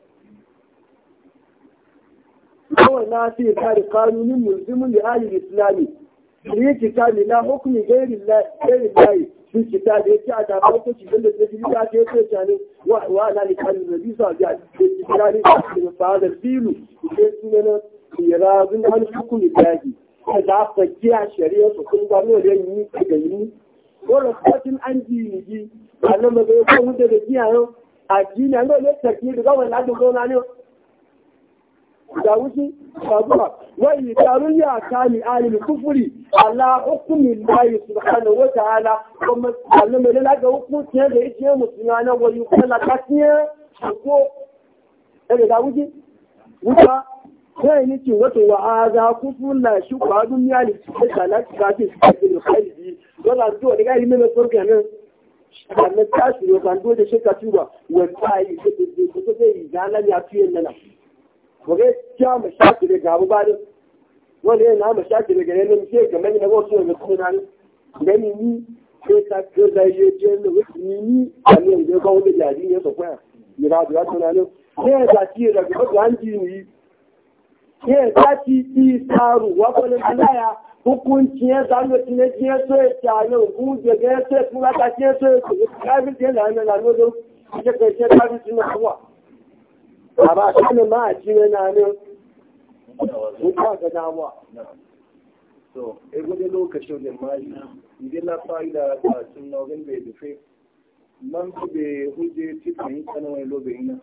kawai na fi ta da kanunin musulmi da ahirin islami da yake ta ne na da ya ci a dafa ko ci gandun da fili ta ce ya ce ne wa ala ne kanun da bisa ga da fada filu ke suna na kira zun hannu hukumi gaji ta dafa kiya shari'a su kun ba mu yi ta da kotun an a nan ba zai kuma da kiyayen a da gawar da wuce sabuwa wai tarun ya kami alil kufuri ala hukumin layi subhanahu wa ta'ala kuma mai hukunci da na ko da wuce wuta sai ni ce wato wa aza kufula shi kala da khairi wala zuwa da ilmi mai nan tashi shi ka tuba yi wage kya mu shaki da gabu ba din wani yana mu shaki da gare nan ke game da wasu da kuma nan gani ni ko ta ko da je je ne wuce ni ni ani da ko da jadi ne so kwa ni ba da tuna ne ne da ti da ko an ji ni ne da ti ti wa ko nan alaya hukunci ya zama tine je so ya ta ne ku je ga so kuma ta je so ka bi je da nan na no do ke ta bi tuna kuwa amma kanin ma a cire na nan mutuwa ga damuwa so e eh, gwada lokacin da mali idan na fa'ida da cin nauyin bai dufe man su bai huje cikin yi kanawai lobe ina.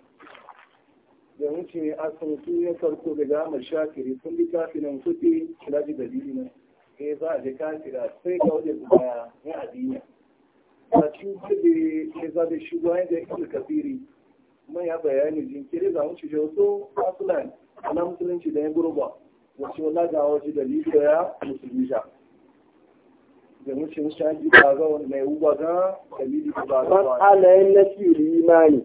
da wuce a sun su ya farko daga amur shafiri sun bi kafinan kuɗi kiraji da ne. Eh, Ke za a je kafira sai ga wajen baya ya adina eh, a cikin da ya da shugaba yadda ya kafiri. manya bayani jinkiri za mu ci je wasu fasulan ana musulunci da ya gurba wasu wala ga waje dalili da ya musulmi sha da mucin shaji ba ga wani mai uba ga dalili da ba ga wani alayin na fiye imani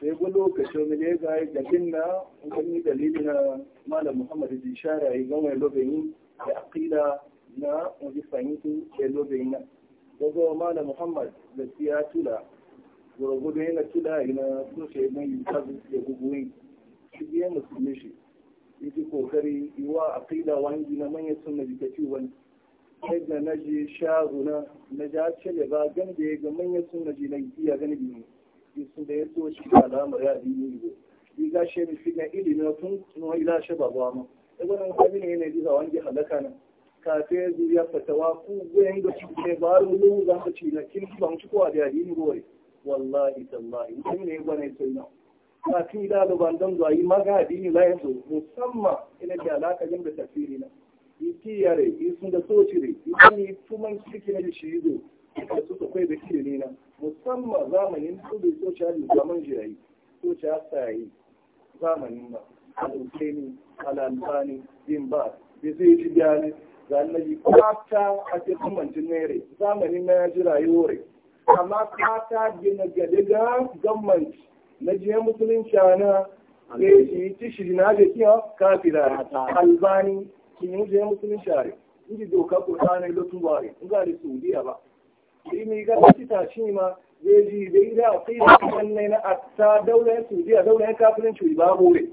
sai ku lokacin da ya ga ga kinna kun yi dalili na malam muhammad ji shara ya lobe wani da akila na wani fahimtu lobe lokacin nan gaggawa malam muhammad da siya tula gwargwado yana ci da ina tushe mai yi ta zuciya guguwi shi biya musulmi shi ya ji kokari wa a kaida wangi na manyan sun na jikaci wani yadda na je shaguna na ja cele ba gan da ya ga manyan sun na ji na iya gani biyu isu da ya so shi da alamar ya dini ne yi ga shi mi figa ili na tun kuma ila shi ba ba ma ya gwanin kwami ne yana jiza wangi halaka na kafin ya zuya fatawa ku goyon da shi ne ba ruwa za ka ci na kin ba mu ci kowa da ya dini gore wallahi tallahi mutum ne gwane sunna na tun da ban don zuwa yi magadi ne layin su musamman ina ke alaka jin da tafiri na yi tiyare yi sun da socire yi kan yi tuman kirki na shi yi zo da su su kwai da kiri na musamman zamanin su da ne zaman jirayi social sayi zamanin ba al'ukeni al'albani bin ba da zai ji gani zanen yi kwata a cikin mancin nere zamanin na ya ji rayuwar amma kata gina gadiga government na jiya musulunci na ne shi ci shi na da kiya kafira albani ki ne jiya musulunci a inji doka da lotun bari in ga da saudiya ba ilimi ga ci ta shi ma zai ji zai da akwai da kanne na atta daular saudiya daular kafirinci ba bore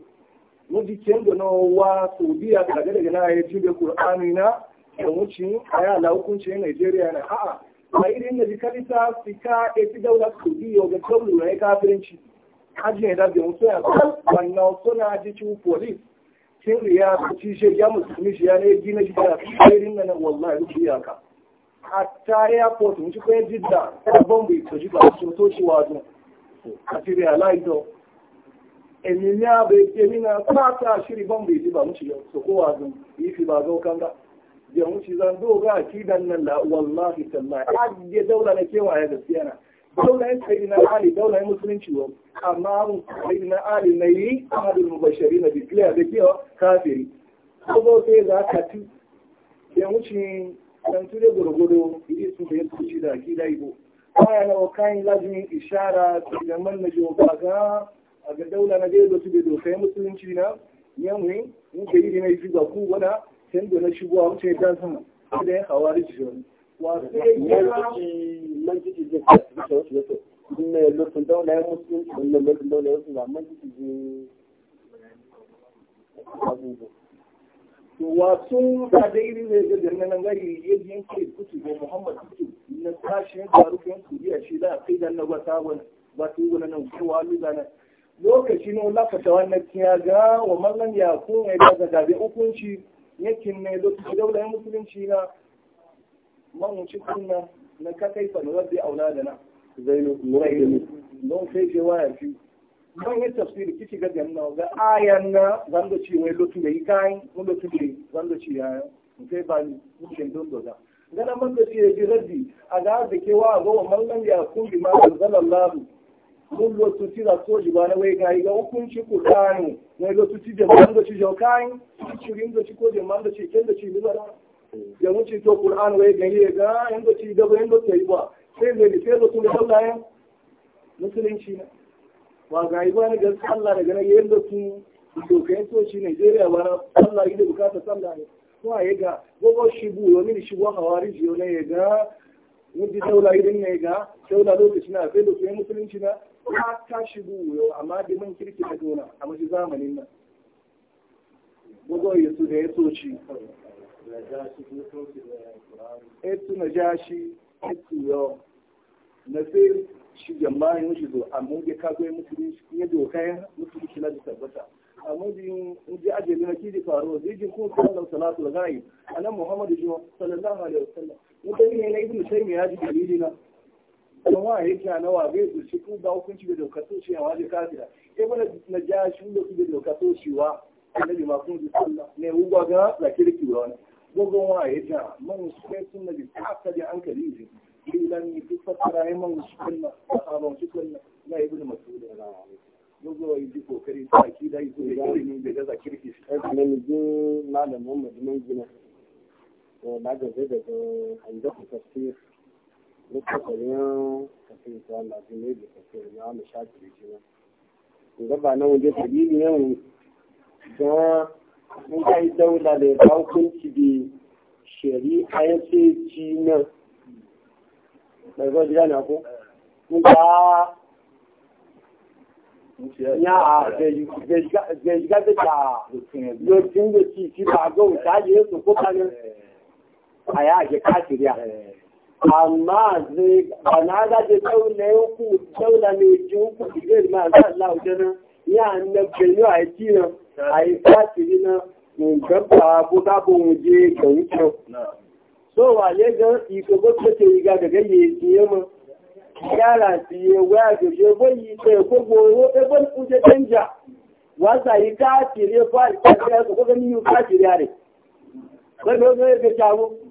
muji kengo na wa saudiya daga daga na ya da kur'ani na da wuce a yana hukuncin nigeria na a'a bayanin iri jikarita fika ya fi daula su biyo ga kan lura ya kafirinci ne dabe musu ya wannan na ji cikin polis cin riya ya musulmi shi ya ne wallahi ya ka airport jidda a emi na kata shiri bombi bai ji ba ya wuce zan zo ga dan nan la wallahi tallahi ajiye daula na kewa ya gaskiya na daula ne sai na ali daula ne musulunci wa amma mun sai na ali na yi ahadul mubashirin bi kliya da kewa kafiri ko zo sai za ka ci ya wuce dan tule gurgudu idi su bai su da dai ibo aya na wakan lajin ishara da man na jo ga a ga daula na dai zo su da dokai musulunci na yamu ne mun kai ne na yi ga ku wala tendo na shigowa wuce ta sun da ya hawari shi wasu ya yi zai kasu da da yato da ya lokacin daula da musulun da lokacin da ya musulun da manjiji zai abubu wasu da da iri zai ga da nan gari ya ji yankin kutu da muhammad kutu na sashen barufin kuriya shi za a kai da na wata wani ba su wani nan kowa luganan lokacin lakata wannan kiyaga wa mallan ya kuma ya daga zabe hukunci yakin ne lokacin daular musulunci na man cikin na na ka kai fana rabbi auladana zainu mu'ayyini don sai ke waya fi don yi tafsiri kici ga ganna ga ayan na zanda ci wai lotu da yi kayan mun lokacin da zanda ci ya mun sai ba ni mun don doza gana man da ci ya ji rabbi a ga da a ga wa mallan ya kun bi ma zalla Allah mun lotu ci da ji ba na wai gayi ga hukunci ku kanu na lotu ci da man da ci jau kayi ci rin da ci ko da man da ci kin da ci libara ya mun ci to qur'an wai gayi ga in da ci da ba in da ci ba sai da sai da tun da Allah ya musulunci na wa gayi ba ne ga Allah daga nan yayin da su to kai to shi Nigeria ba na Allah da bukata sallah ne ko a yaga gogo shibu wani shibu hawari jiyo ne yaga mun ji daula idan ne ga daula lokacin na sai da su musulunci na ta ta shigo yau amma da man kirki ta dona a mashi zamanin nan bugoyi su da ya soci etu na ja shi etu yau na sai shi jama'a yin shi zo amma ya kago ya mutu ya doka ya mutu shi na da tabbata amma in ji ajiye na kiji faruwa zai ji ko sallallahu salatu da gayi anan muhammadu shi sallallahu alaihi wasallam mutane ne na ibnu taymiya ji dalilina kuma a yake na wa zai su cikin da hukunci da dokar soci a wajen kafira sai mana na ja shi da su da dokar soci wa annabi ma kun sallah ne ugwa ga la kirki wani gogon wa yake man su kai sun da ta da hankali ji ilan yi duk fatara ya man su kunna sahabon su kun na ibnu mas'ud radiyallahu anhu gogo yi duk kokari ta ki da yi da ilimin da da kirki sai ne ni ji malamin mu da Muhammad Mangina to na ga an da ku tafsir lokacin kafin ta na fi ne da kafin na mu sha kiri jina gaba na waje sabili yau da mun kai daula da ya hukunci da shari'a ya ce ci nan bai jira na ko mun ka ya a zai shiga da ta yau da ci ci ba ga wuta da ya su kuka nan a ya ake kafiriya amma ba na ga da tsauna ya ku tsauna mai ji ku ma za a lauta nan ya annabta yau a yi nan a yi fasiri nan mun gaba ko gaba je ga wucin so wa ne ga iko gwamnati ta yi ga daga yi biye mu yara su yi waya ga je yi ta ko goro ta ban kuje canja wasa yi kafire fa ta ko ga ni yi kafire ne. Wani wani ya ga mu?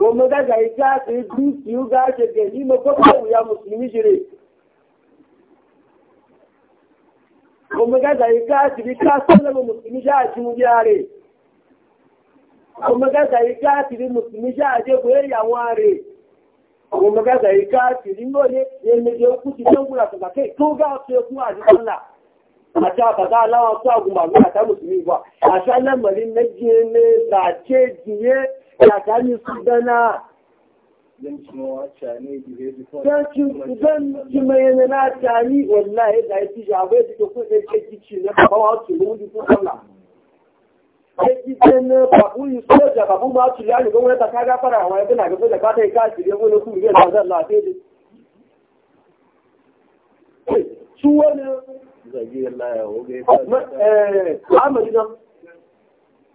kuma ga ga ita su yi dukiyu ga n'ime gani ya kuma wuya musulmi shire kuma ga ga ita su yi kasanar musulmi sha a cikin yare kuma ga ga ita su yi musulmi sha a je koyar yawon re kuma ga a jikin Allah àti àbàdá tsakanin su dana Sarkin idan kima yana na tani wallahi da yake shi abai da kuka ke kici na bawa su da wuri ko sallah. Sai kici na babu yi soja babu ma su ya ni gwamnati ta ga fara wa yana ga da ka ta ka shi ne wani ku ne da zan lafiya ne. Su wani zagi Allah ya hoge. Eh, Ahmadu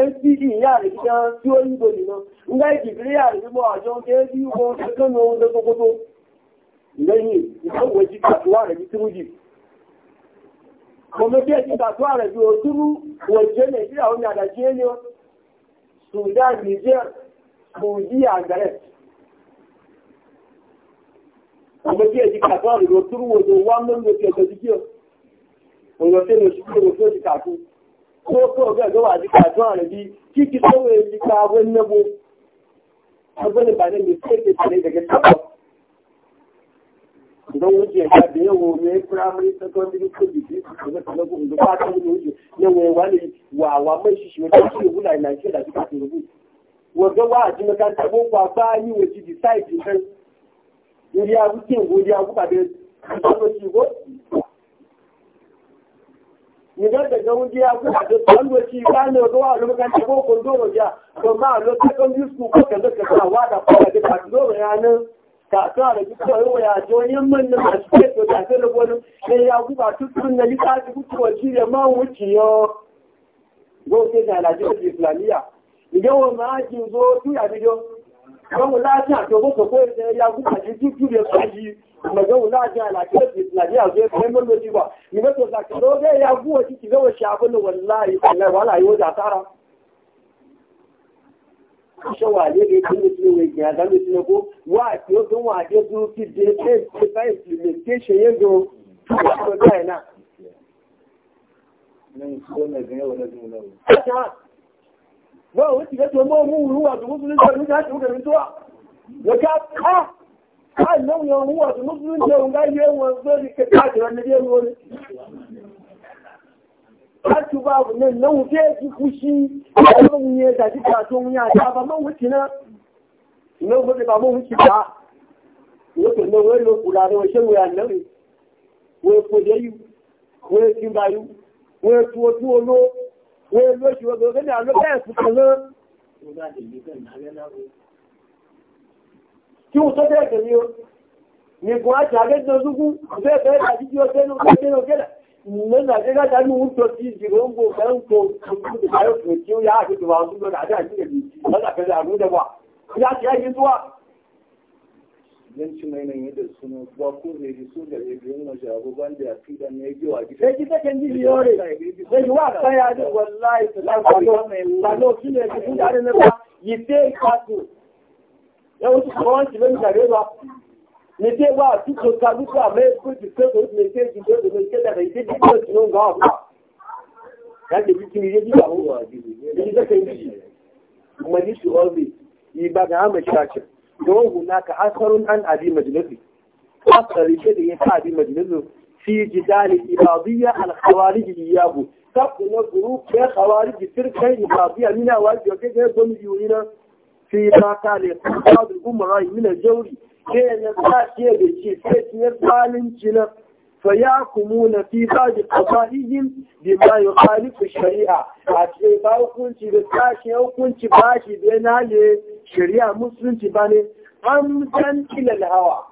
NPD e, yà rẹ̀ kíkẹ́ tí ó yíbo nìna ńgá ìjìbìrí yà rẹ̀ mọ́ àjọ kẹ́ bí wọ́n ṣe kánú ohun tó kókó tó lẹ́yìn ìfọwọ́ jí kàtúwà rẹ̀ bí túrú jì kọmọdé ti kàtúwà rẹ̀ bí òtúrú Sudan Niger Saudi àgbẹ̀rẹ̀ kọmọdé ti kàtúwà rẹ̀ bí òtúrú wọ̀n jẹ́ wá ko ko ga ga wa zika to arabi kiki ka zika wani nabo abin ba ne mai sai da daga tabbata don wuce ta da yawo me primary secondary school degree ko da kuma ko da fata ne wuce ne wai wani wa wa mai shi shi da shi hula na shi da shi ka rubu wa ga wa ji maka ta ko ba ba yi wuce decide din ya wuce godiya ku ba da ko ki ko nígbà ta ko jẹ́ agbóhàjọ́ tọ́lùwẹ̀tì ìbáni ọdọ́ alùmọ́kàntí gbókùn lóòrò já tó ko lọ secondary school wa kẹta wà dàpọ̀ àti pàtí lóòrò ya ní kàtọ́ àrẹ jíkọ́ ìwọ̀ ya jọ a mọ́ ní àti pẹ́tọ̀ àti ẹlẹ́gbọ́nú ní ya gúbà tuntun na yíká ti kú tuwọ̀ sí rẹ̀ máa ń wùkì yọ gbóòkè ní àlàjẹ́ òjì ìfìlàníyà ìjẹ́ wọn máa jì ń zo tú yàtijọ́ wọn láti àti ọgbọ́sọ̀ pé ìṣẹ́ ya gúbà jí tú tú rẹ̀ fàyí maga wula ji alaƙar islamiyya zai kai mulki ba ni ba to zaka zai ya guwa ciki gawa shafin wallahi wallahi wala yau da tara iṣẹ́ wà lérí ìpínlẹ̀ tí ó ìgbìn àdámé tí ó wà tí ó tó wà dé dúró kí dé ẹgbẹ́ bá ìpìlẹ̀ tí ṣe yé gan ọjọ́ báyìí ba Wọ́n ò ti fẹ́ tó mọ́ mú ìrúwà tó mú tó ní ka ní Àìlọ́wọ̀ ọ̀rún wà tó mọ́sílùm jẹ́ òun gáyé wọn lórí kẹtàkìrà nílé lórí. Láti bá bù náà lọ́wọ́ fẹ́ ti kú sí ọlọ́run yẹn dàjí bá tó ń yá àjá bá mọ́wọ́ ti náà. Ìlọ́wọ́ fẹ́ bá mọ́wọ́ ti bá. Lókè náà wọ́n lọ kùrà rẹ̀ ṣé wọ́n yà lẹ́rìn. Wọ́n èpo dé yìí, wọ́n èsì bá yìí, wọ́n ètò ojú olóò, wọ́n èlò ìṣòro kí wọ́n tó bẹ́ẹ̀ tẹ̀lé o nìkan àti àgẹ́dọ̀dúnkú bẹ́ẹ̀ bẹ́ẹ̀ tàbí tí ó tẹ́nu kẹ́kẹ́rẹ́ òkèlà nígbà tí ká tàbí ń tó sí ìṣirò ń bò fẹ́ ń tó ìṣàyọ̀kùn tí ko zai ji su da zai biyan mace da ya fi da ne biyo da shi da na ba, yi yawanci kamar wani cibin tare ba ne ce ba su ko ka duka mai kuji kan su ne ce ji da mai kada da ita ji ko tunon ga ba ya ce biki ne ji ba mu ba ji da kai ji kuma ji su ga amma shaci don guna ka asarun an abi majalisi asari ce da ya ta abi majalisi fi jidali ibadiyya al-khawarij iyabu kafin na guru ya khawarij firkan ibadiyya mina wajibi ke ga gomi yuna sai ya ka da ya kuma kwadu umara yi mina jauri sai ya sa ke da ke sai ya tsalinci na faya kuma na fi ba da kafa ijin da ba ya kwali shari'a a ce ba hukunci da sashi ya hukunci ba shi na ne shari'a musulunci ba ne an san ila da hawa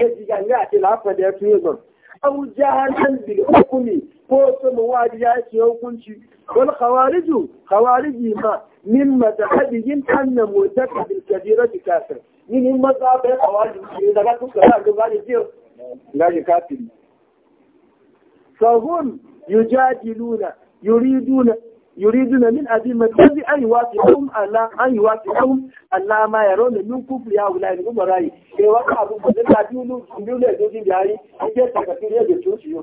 ya ji ganga a da ya fi yi zon. Abu jahannan bil hukumi ko sama wa ya ce hukunci والخوارج خوارج ما من مذهبهم أن مرتكب الكبيرة كافر من المذهب الخوارج إذا كنت كافر لا كافر فهم يجادلون يريدون يريدون من أدلة الذي أن يوافقهم على أن يوافقهم على ما يرون من كفر هؤلاء الأمراء إيه وقع أبو بكر لا يقولون يقولون يقولون يعني أنت تكفير يا جوشيو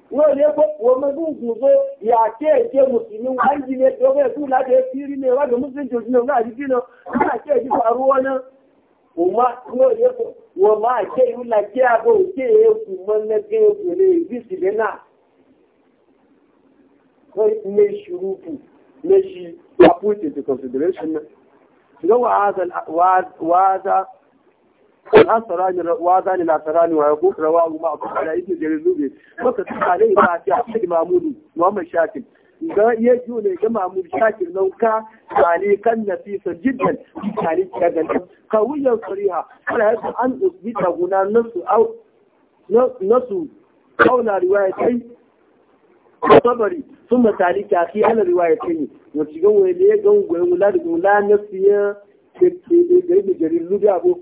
wọ́n ne gbọ́ wọ́n mẹ́gbẹ́ ògùn tó yà kí ẹ̀jẹ̀ mùsùlùmí wọ́n jí lè tó bẹ́ẹ̀ tó láti ẹ̀fí rí ní ẹ̀wọ́n mùsùlùmí tó jìnnà náà jí dínà náà kí faru wọn náà wọ́n lè gbọ́ wọ́n máa kí ẹ̀yìn la kí abọ́ òkè ẹ̀kú mọ́lẹ́gbẹ́ ẹ̀kú lè rí sílẹ̀ náà. wọ́n lè ṣubú kù lè ṣi wàá put into consideration náà. الأسران وأذان الأسران ويقول رواه ما أقول على ابن جريزوبي وكتب عليه ما في أحمد Muhammad محمد شاكر ya ju ne ga mamun shakir ka tsari kan nafisa jiddan tsari kaga nan kawuyan sariha kana yasa an usbita guna nasu au nasu kauna riwayatai sabari sun matari ta fi ana riwayatai ne wacce gan wani ya gan gwai wula da wula nasu ya ke da jarir lubi abu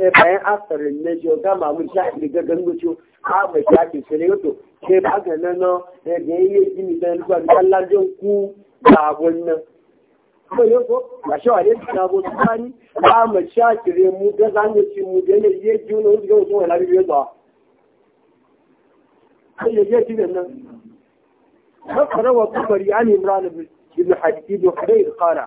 e bayan asarin na jiyo ga mamun shafi ga gangoci a mai shafi su ne yato ke ba ga nan no eh, ga yi gini da ruwa da ku da wannan ko yo ko ba shi wa na go tsani ba mai shafi re mu da zan ci mu da ne yi yi no ga wato wala biyo ba sai yi ji yi nan yi وكبري yi إمران yi حديد yi قال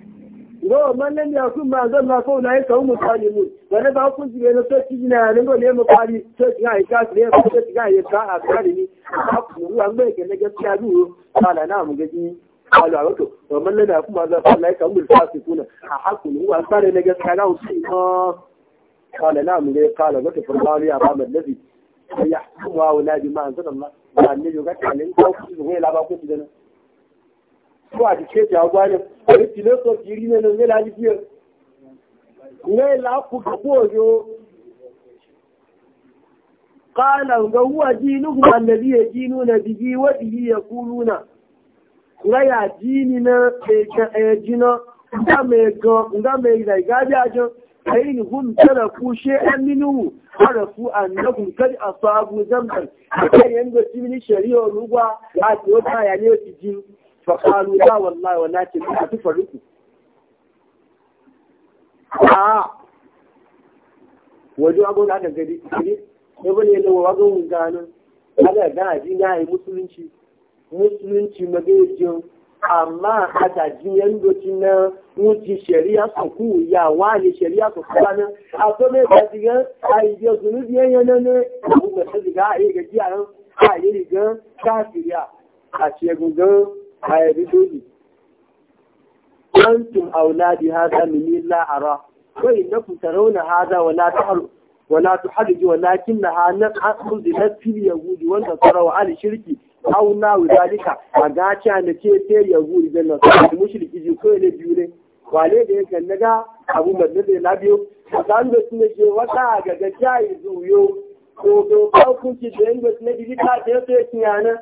Gawa mallan ya kun ba zan na yi kawo misali mu, wani ba kun jige na soci jina ne ba ne mu kwari soci ga ita su ne ba soci ga ita a kwari ne, a kuma ruwa bai ke na gaskiya duro, kala na mu gaji kalu a wato, wa mallan ya kun ba zan ba na yi kawo misali kuna, a hakuni ruwa tsare na gaskiya na wuce ma kala na mu gaji kala wata furbaru ya ba mallazi, ya kuma wa wula bi ma'an zanen ma, ba ne yau ga kalin kawo kusa zuwa ya laba kusa a àdìṣe ti àgbá rẹ̀ pẹ̀lú tìlẹ́sọ̀ ti rí nínú ilé láti bí ẹ̀. Ní ìlà kù kàkú òjò ga wúwa jí inú kuma nàbí ya jí inú na bigi yi ya kúrú na. Raya jí ni na ẹ̀jì na nga mai zaiga bí ajọ́ ayin hun tara ku she an minu ku annahum kad asabu zamban akan yanda civil shari'a ruwa a tiyota ya ne su jini فقالوا لا والله ولكن لا تفرقوا آه wajen abin da aka gari gari ya bane yadda wa wagon ganin ana gana jina yi musulunci musulunci magajin amma a tajin yandoci na wuce shari'a su ku ya wani shari'a su kuma nan a so mai tajigan a yi biyar su nufi yan yana ne kuma ga tajiga a yi gajiya nan a yi rigan kafiriya a shegugan a dole antum auladi hada min illa ara wa innakum tarawna hada wa la tahru wa la tuhaddiju walakinnaha naqsu bi ya yahudi wa nasara wa al shirki aw na wadalika a gacha da ce te yahudi da nasara mushriki ji ko ne biyu ne wale da yake naga abu madda da labiyo kan da sune ke wata ga gaja yi zuyo ko ko kun ki da yin wasu na digita da yake yana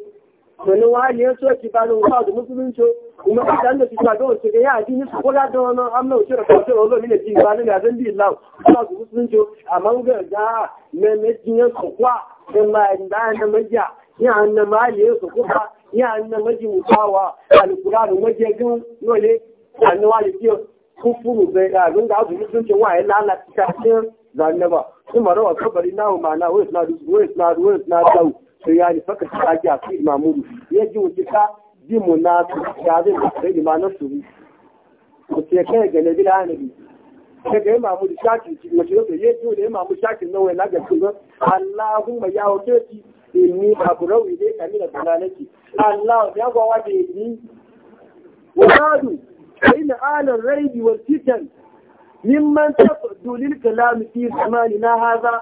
wani wani ya soki bayan wa da musulunci kuma ita da ya ji su kula da wani amma wace da wani lomi da ji ba da zan lau kuma su musulunci na mejin ya su da da na majiya ya na mali yin ya na maji mutawa alkurani waje da musulunci sai ya yi faka a fi mamuru ya ji wuce ta bi mu na ya zai da sai imanar su ko ce kai ga ne bila ne sai ga shakin shaki mace da ya ji da mamuru shakin nan wai lagar su Allahumma ya hoke ki inni kami da kamila dalalaki Allah ya gwa wade ni wadadu ina alan raibi wal fitan mimman tafdu lil kalam fi na haza.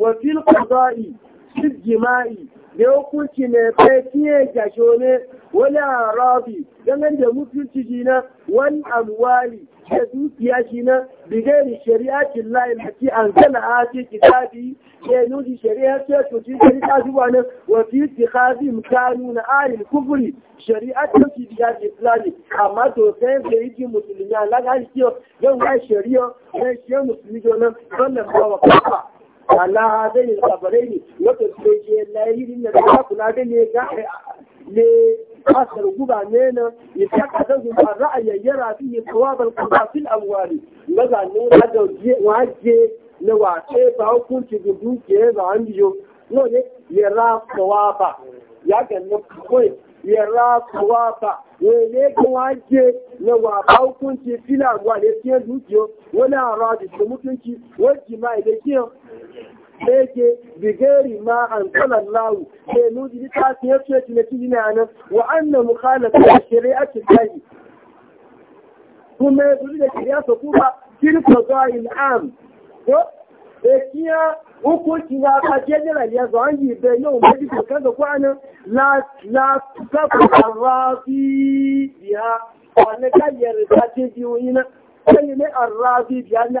wa fil qada'i fil jima'i da hukunci mai faifiye gasho ne wani arabi ganin da mutunci shi na wani amwali da dukiya shi na bigari shari'acin layin haki an gana a ce kitabi ya nuni shari'a ce to cin shari'a zuwa nan wafi ittikhadi mutanu na ayin kufri shari'a ci ci da islami amma to sai da yake musulmi Allah ga shi yau ga shari'a sai shi musulmi nan sallan ba wa kafa ala zai labarai ne wato sai je na da ta kula da ne ga ne asar guba ne na ya saka da zuwa ra'ayayyara fi ya tawabal kafin amwali maza ne na da waje na wace ba hukunci da dukiya ba an biyo no ne ya ra ba, ya ga ne kawai ya ra tawaba wele kan waje na waba hukunci fila amwali ya fiye dukiya wani a ra da mutunci wajen jima'i da kiyan yake bigari ma an kalan lawu ke nuji ta ce ya ce ne kiji na nan wa anna mukhalata shari'ati kai kuma ya da shari'a su kuma kirka zuwa am ko da kiya hukunci na ka general ya zuwa an yi da yau mai da kan da kwanan la la ta biya wannan kan yarda na kai ne arrafi biya na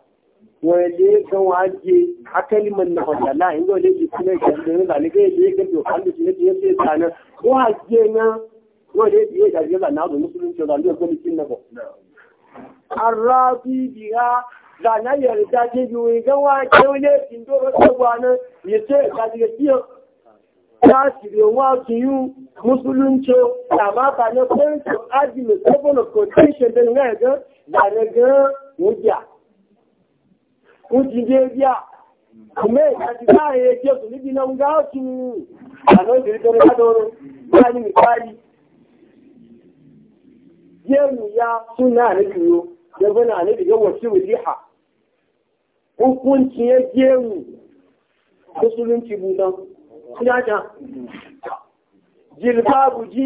wale kan waje akaliman na wajala in zo leji kuma ke da ne zalika yaje ga to kan da tsana na na musulunci da Allah gani kin na ko arabi biha da yarda yi kwanci sabon of ga wújíjé bí à ọmọ ìdájí láàrin ẹjẹ́ òtù níbi náà ń gá òtù àwọn òbìrí ya tún náà ní kìrò yẹ́gbẹ́ náà ní ìdíjọ́ wọ̀sí òdí hà hukunci ya musulunci jilbabu ji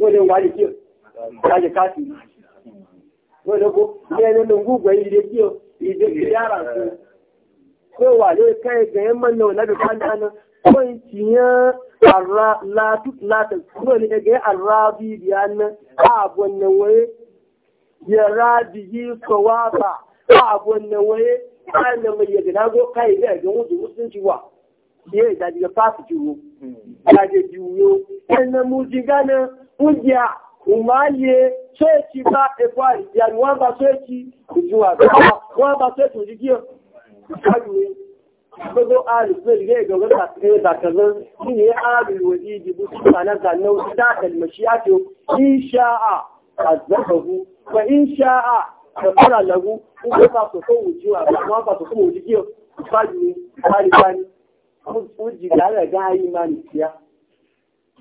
wọ́n wáyé kí o wáyé káàkiri wọ́n lọ́kọ́ ní ẹni lọ́gbọ́gbọ́ kí o ìdè ìyára fún kó wà lé ká mọ́ kúnjẹ ìmáyé ṣéèkì bá ẹ̀kọ́ àìjẹ́ ni wọ́n bá ṣéèkì ìjú àgbà wọ́n gbogbo alifin rai ga wata tsaye da ka zan shi ne arin waje jibu su na zanen ta kalmashi ya ce in sha'a a ba ba ne yi ma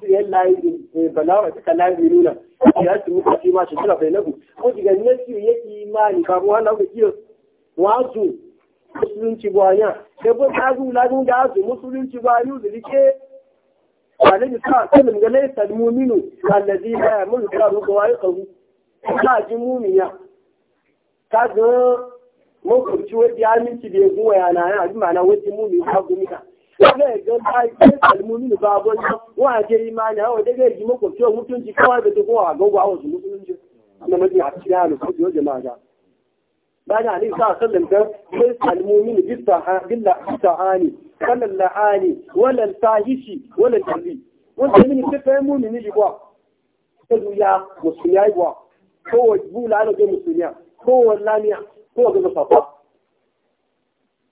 yan layi balawa suka layi nuna ya su muka fi ma shi jira bai nagu ko diga ne su yake imani ka mu halawa kiyo wazu musulunci ba ya da ba ta zu ladun da azu musulunci ba yu zilike wani sa kullum ga laysa almu'minu allazi la ya'malu karu qawaiqahu ka ji mu'mina ka ga mun kurci wadi aminci da ya goya na yana bi ma'ana wadi mu'min ka gumika zai ga bayan almuni ba gwani wa a jeri ma ne hawa daga yi mako cewa mutunci kawai da tukowa a gagwa a wasu mutunci na mutum a cikin hannu ko jiyo jama'a ga bayan alin sa sallan ta sai almuni bisa bisa hani kalan la'ani walan tahishi walan tabi wanda mini ta fa muni ni jikwa ta duya musulmai gwa ko wa bula da musulmiya ko wallaniya ko ga masafa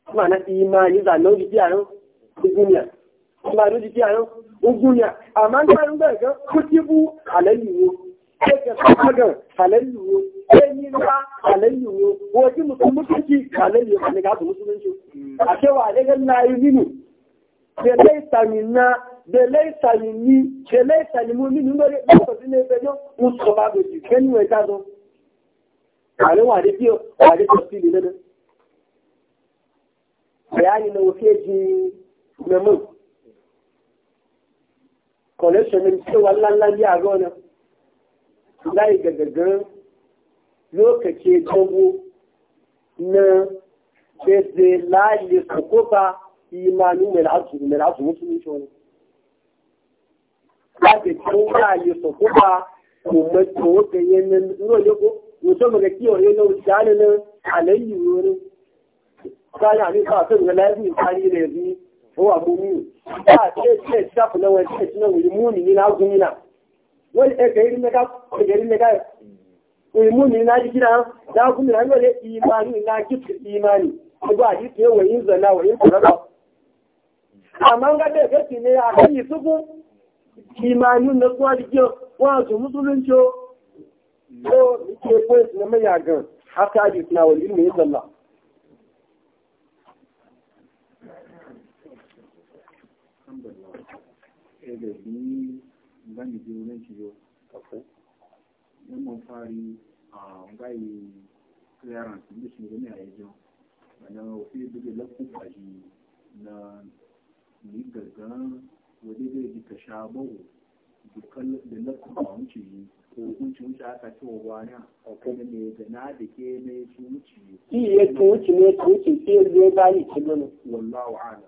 kuma na imani zanen jiya yau duniya kuma da jiki a yau duniya amma ta yi da ga kutibu halalliwo sai ka sakagar halalliwo sai yi ba halalliwo wajen mutum mutunci ne ga su musulunci a cewa ne ga na yi mini da laisa minna da laisa minni da laisa limu mini lórí lọ́pọ̀sí ní ẹgbẹ́ yóò ń sọ bá gbèjì kẹ́ni wọ́n ẹ̀ka sọ àárín wà dé bí wà dé tó sí ìlú lẹ́nu. Bẹ̀yà ni mo fi jí mẹ́mọ́ kọ̀lẹ́sọ̀ ní tí wà ńláńlá bí àárọ̀ náà láì gẹ̀gẹ̀ gan yóò kẹ̀kẹ́ gbogbo náà gbèsè láàyè kókó bá iye ní mẹ̀rẹ̀ àtúntò fún mi ga kiwon yana wuce huwa mu'min ba ce ce ta kula wai ce tuna wai na gumina wai e ga irin daga ga irin daga wai mu'min na ji kina da gumina ne wai imani na kitu imani a kan na kuma ẹgbẹ̀ sí ìgbàmìdí olóńtìyọ ọ̀fẹ́ ní mo fari àǹgáyé clearance wani wasu yi duka na hmm. ni zai ji ka sha da ba wuce yi ko wuce wuce aka ci wa wani kai ne da ke ne wuce yi. wuce ne wuce sai zai bayi ala.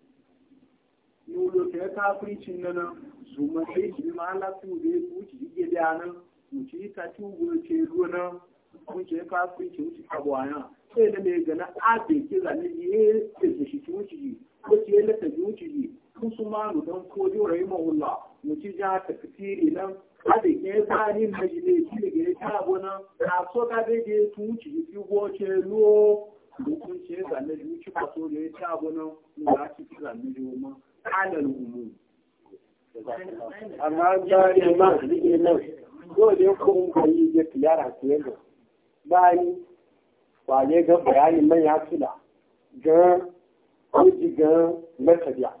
nulo ke kafircin nan zuma sai ji ma Allah su be ku ci ge da nan mu ci ta ci go ce ruwa nan mu ce kafircin mu ci abwaya sai da me gana a ah, be ki zani eh, ye ce shi ci mu ci ko ce la ta ji mu ci kusumanu don ko ji rai mu ci ja ta fitiri nan ade ke tsari na ile ki da ke ta nan na so ka da ke tu ci ki go ce ruwa dukun ce zani ci ko so ge ta nan, mu ga ci ne ruwa alal umu amma ba ne ma rike nan dole ko mun kai ya tiyara ce ne bani ba ne ga bayanin man ya tula ga kuji ga matabiya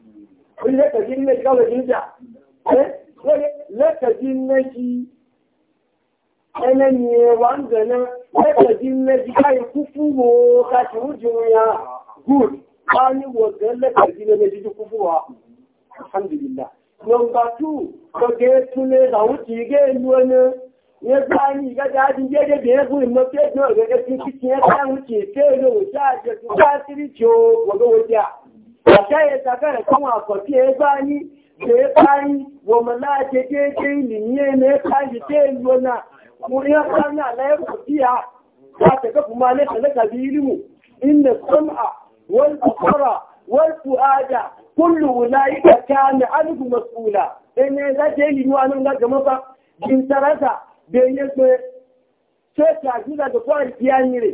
kun zai kaji ne shi kawai jinta na kaji na shi ẹnẹ́ni wọ́n gẹ̀ẹ́nẹ́ lẹ́kẹ̀ẹ́jì méjì káyẹ kúfú wo káṣí ń jùun ya gùn bá ní wọ̀gẹ́ lẹ́kẹ̀ẹ́jì méjì jù kufu wa alhamdulillah nọmba 2 gọ́gẹ́ túnlẹ̀ àwọn tí gẹ́ ìlú ẹni ní bá ní ìgájá ájí jẹ́jẹ́ bí ẹgbùn ìmọ̀ pé ẹgbùn ọ̀gẹ́gẹ́ tí kí ti ẹ́ káyẹ Wata ya takara kan wakwafi ya bani da ya bani wa malace keke ilimin ne kashi ta yi yana kuriyar sana na ya kwafiya ba ta kafa malaka na kabilimu inda sam'a wal basara wal fu'ada kullu ulaika kana anhu mas'ula in ne za ta yi nan ga gama ba jin tarasa da ya ke sai ta jira da kwari kiyani ne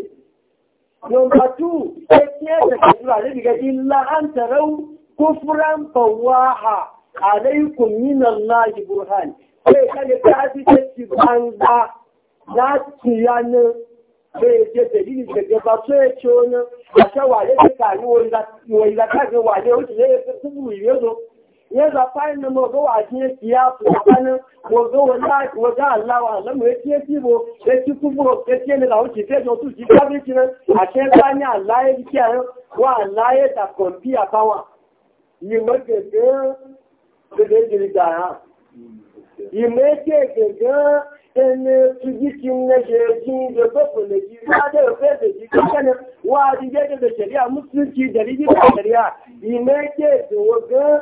Number two, gaskiya da kasuwa da diga illa an tarau kufran fawaha alaikum min Allah burhan. Sai kare ta fi tafi banza za su yana bai je dalili da gaba so ya ce wani a ta wale ta kari wani zaka ga wale wuce zai kubu yi zo. ya zafa yin na maga wa ajiye kiyasu a kanin maga waga Allah wa Allah mai kiye kibo ya ci kuburo ya kiye ne da wuce fiye da wasu shi kafin shi nan a ce zani Allah ya kiya wa Allah ya da kwamfi a kawa yi magagin da zai jirga ya yi mai ke gaggan ẹni tujiki nẹ́ṣẹ̀ jí ń gbogbo kò lè jí láàdé òfẹ́ ìdèjì kọ́kẹ́ni wá adìyẹ́gẹ́gẹ́ ṣẹ̀ríà mùsùlùmí ṣẹ̀rí jíkọ̀ ṣẹ̀ríà ìmẹ́kẹ́ ìdòwò gan-an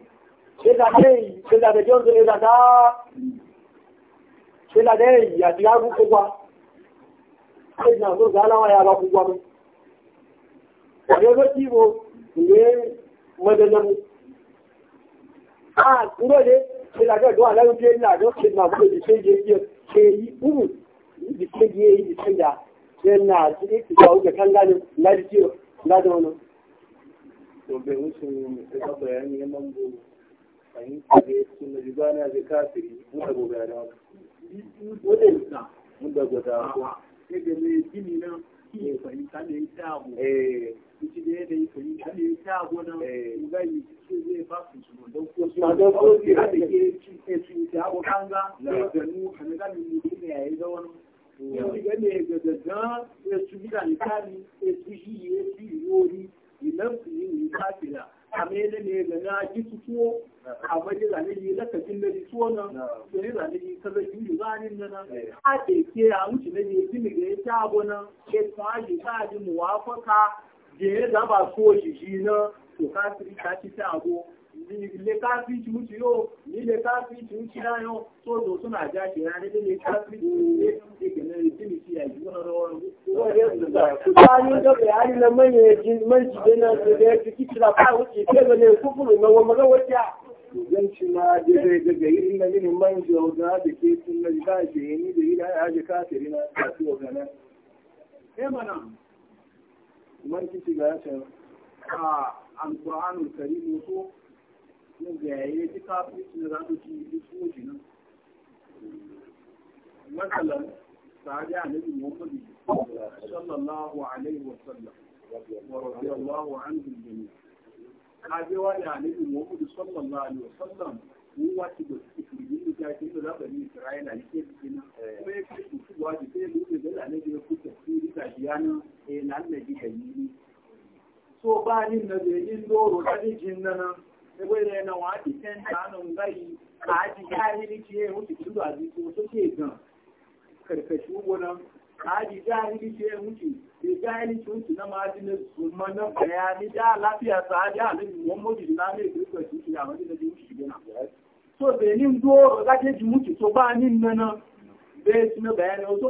Ṣéladéyìí, ṣéladéjọ́ ń ṣe dáadáa. Ṣéladéyìí àti ágú gbogbo. Ṣé ìjìnà tó gbà láwọn ẹ̀yà lọ gbogbo mi? Ọ̀yọ́ ló tí mo ìwé mọ́jọ́jọ́ mi. Àà kúrò dé, ṣéladéjọ́ ìdó àlẹ́rú bí ẹni àjọ ṣe máa gbogbo ìṣẹ́jẹ́ ṣe yí kúrù ìṣẹ́jẹ́ ìṣẹ́jẹ́ ṣe náà sí ìtìgbà ó kẹ̀kẹ́ fahimta kaje suna riba na zai kafiri mun da gobe da wani wani mun da gobe da wani gini nan iya fahimta ne ya abu da ya fahimta ne ya ta abu nan ugayi su zai ba su su don ko ma don ko su da ke cike su ta abu kanga da ganu a na gani ne ya yi da wani yau ga ne ga ya su gida ne ya su shi ya su yi yori ilan su yi ne kafira amele ne ga na ji su tuwo a zane ji laka jin da ji tuwo nan to ne zane ji kaza ji ji nan eh. a ke a wuce ne jini ga ya ke ta ji ta ji muwafaka je ya zaba so shi shi to ka siri ta ci ta le kafiri tun ti yo ni le kafiri tun ti na yo so do tun na ja ke na ni le kafiri tun ye ti ke na ti mi ti ayi wona ro ro ta ni do be na ye jin ji na de ti ti la pa ke ga ne ku ku na wa maga zan ci ma daga irin na mini ji o da da ke sun na ba shi ni da ila ya ji kafiri na ta ci o ga na eh mana man ki ci ga ta a alqur'anul karim ko yayi ji kafin za su ci duk soji nan masalan sahabi annabi muhammad sallallahu alaihi wa sallam wa radiyallahu anhu kaje da annabi muhammad sallallahu alaihi wa sallam mun wace da ikirgin da ke da so ba ni na yin doro da jin nan wele na wa ti ten tanu ngai a ji jahili ce wuce su da ji ko so ke gan karkashi gona a ji jahili ce wuce ji jahili ce wuce na majin zuma na bayani da lafiya sa ja ne mun mutu na ne duk ko shi ya mutu da shi gona so be ni ndo ga ke ji mutu to ba ni nana be shi na bayani to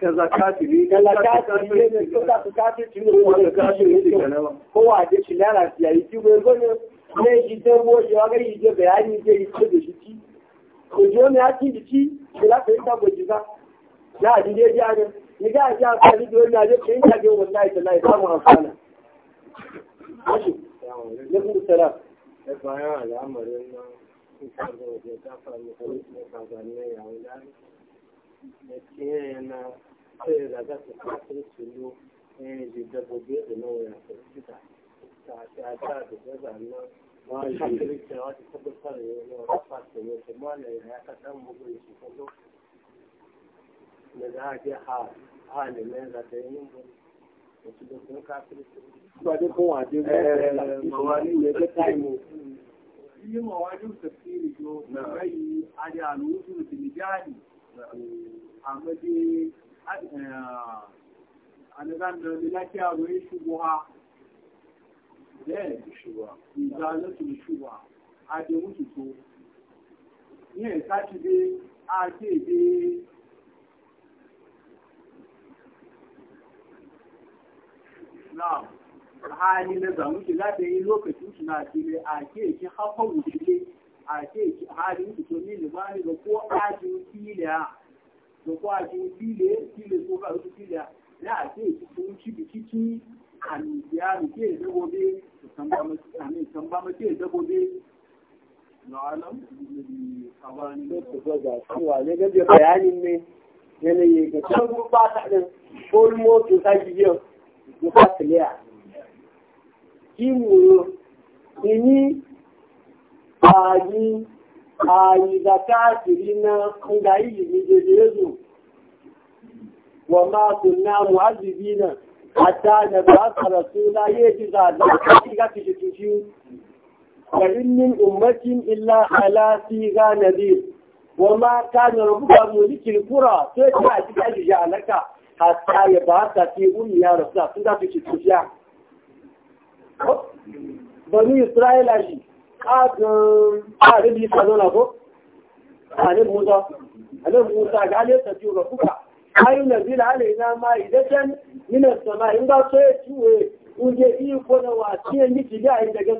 kaza kafiri kaza kafiri ne ko da kafiri ne ko da kafiri ne ko wa da shi lara ki gogo ne ne shi da wo shi wa ga yi bayani ke yi ko da shi ki ko jo ne a ki ki ko la ta go ji na ji ne ya ni ga a ka ni do na je kin ka je wallahi ta lai samu amfana shi ne ku sara al'amarin nan kun da ta ne ya wani cijena prera da se platili su ljudi da pobjede nove aktivita. A ta bi zazavno Kafirin wata tabbatar da rafa ta yi ta mana ya kasan mugun shi kudu da za a je halin nan za ta yi yin gudu da su da sun kafirin su. Ba dai kun waje ba, mawani ne ta taimu. Yi mawani tafsiri yo, na amadi anadan da laki a wani shubuha zai shubuha izalatu da shubuha a da mutu yi yin sati dai a ke dai na hali na zamuki za ta yi lokacin suna a ke ki hafa wuce a ce halin ito limani ga ko ajin filiya ga ko ajin filiya filiya ko ka rufe filiya na a ce cikin ciki a nufiya da ke dabobe kan ba mace dabobe na alam ga bayanin ne yanayi ga can ba ta ɗin ko moto ta gidiyo ko ta kiliya ayi ayi da kafiri na inda yi jini jesu wa ma kunna mu'azzibina hatta da ba ka rasula yaji da da kafi ga kishi karin wa ma kana rabbuka mulikil sai ta da alaka hatta a daga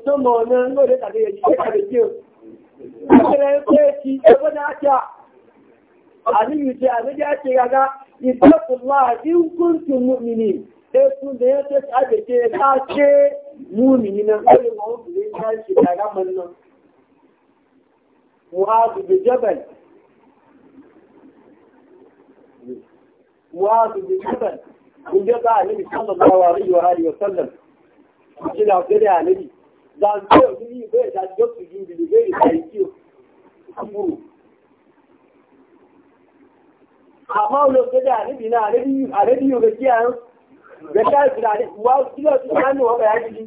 sama wani nole ta da ya ya ya gaga, Ittakullah in kuntum mu'minin, sai mumini nan kare mahudu zai tashi da raman nan mu'azu da jabal mu'azu da jabal kun je a nabi sallallahu alaihi wa alihi wa sallam a nabi dan yi bai da jok su yi bai da yi amma wani gare da nabi na nabi a nabi yau ga kiyayen gbẹ̀dá ìgbìlẹ̀ na sílẹ̀ tó bá ní ọ̀rẹ́ àjíjí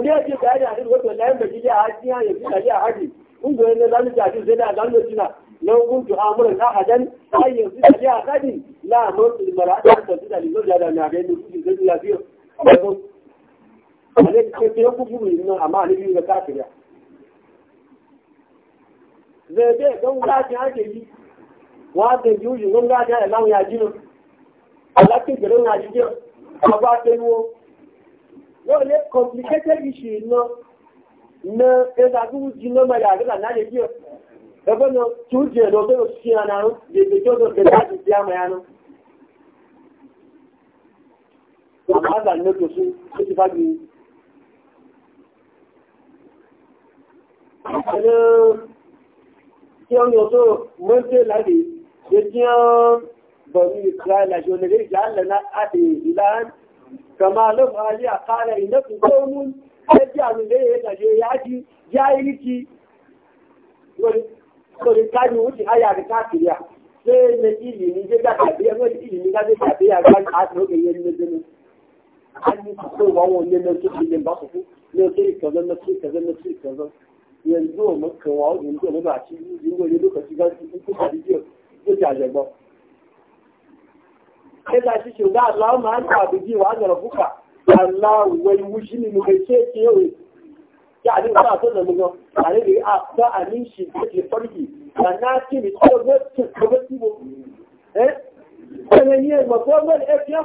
ní ẹjì bẹ̀rẹ̀ àti ìwé pẹ̀lú ẹ̀mẹ̀ jíjẹ́ àti àyè sí àyè àhájì ń gbẹ̀rẹ̀ ní ndị àti ìṣẹ́dá àdánù òjìnà lọ́wọ́ tó àmúrẹ̀ láhàdán na ndị àyè ya alákèbèrè náà jíjẹ́ ọba àtẹnuwó wọ́n lé complicated issue iná na ẹgbàgbúrú jí nọ́mà yà àgbà náà lè jíọ̀ ẹgbẹ́ náà tí ó jẹ́ lọ́gbẹ́ òṣìṣì ànàrún lèdè tí ó lọ bẹ̀rẹ̀ láti di àmà yánú ọ̀pá ní oṣù sí ó ti bá gbé ẹ̀rọ tí ó ń lọ sọ́rọ̀ mọ́ńdé láti ṣe tí ó ń بني إسرائيل شو نقول جعل لنا أبي إلهان كما لهم علي قال إنكم قوم تجعلوا ليه هذا شيء يأتي جاهلتي ولكن وجه حياة كافية sai na ilimi ya ga tabiya wani ilimi ga zai tabiya ga a tsoge yin nazari ka yi so ba wani na su ilin ba su ne sai kaza na sai kaza na sai kaza yanzu mu kawo yanzu mu ba ci yanzu ne lokaci ga da jiya ko jaje ba sai ta shi ce wa Allah wai wushi ne mai ce ce yau ya da mugo a ne a ta anin shi ke farki na eh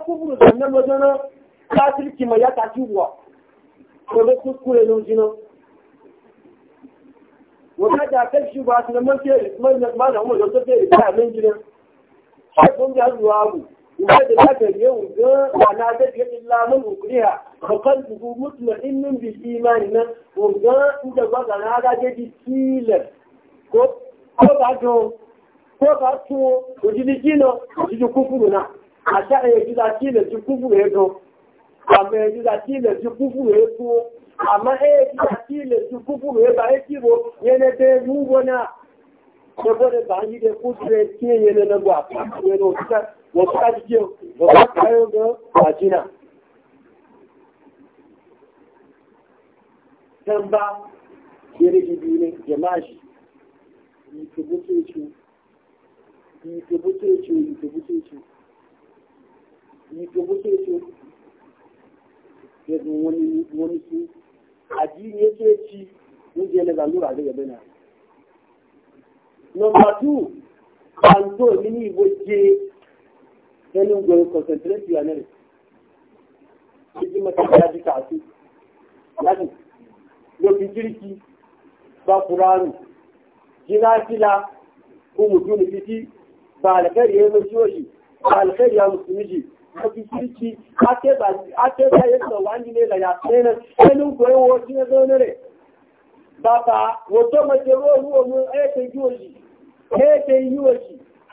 ko ya nan tilki ya ta ko wata da shi ba su da da nan kun ga zuwa وهذا الأثر يوجد على ذلك إلا من أكره فقلبه مطمئن بالإيمان وجاء إذا وضع على ذلك سيلة كوب كوب عجوم كوب عجوم وجد جينا وجد كفرنا عشاء يجد سيلة كفر هدو أما يجد سيلة كفر هدو أما يجد سيلة كفر هدو هدو ينتهي نوبنا Saboda ba yi da kusurai ke yana na gwa, yana wasu ajiyar wasu kayan da ajina can ba yere ibi ne jamashi yitubutecu yitubutecu yitubutecu yitubutecu yanzu wani wani su addini ya ce ci wuje na zalura daga bana number two kanto mini waje sai yin goyi concentrate ya nan cikin matakan ya ji kasu yaki yau kirki ba kuranu jira kila ko mutum fiti ba alkhairi ya zai ciwo shi ba alkhairi ya musulmi shi ba kirki ake ba ya sa wani ne da ya tsaye não yin goyi wasu ya zo ne bàbá wòtó mọ̀jẹ̀rọ̀ olúwòmú ẹ̀ẹ́kẹ́ yíò yìí é yíò yìí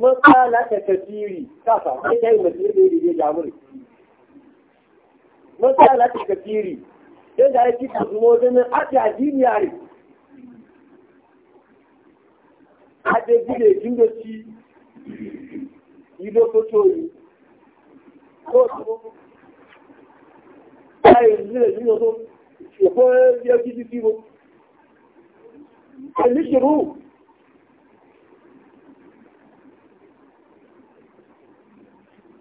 matsala ta kafiri kafa sai ta yi masu da ya mun matsala ta kafiri sai da ya ci ta zumo a ake ajiyar yare ake gide jindoci ido fotori ko ta yi zile jindoci ko ya gidi fibo. Ẹni ṣe rú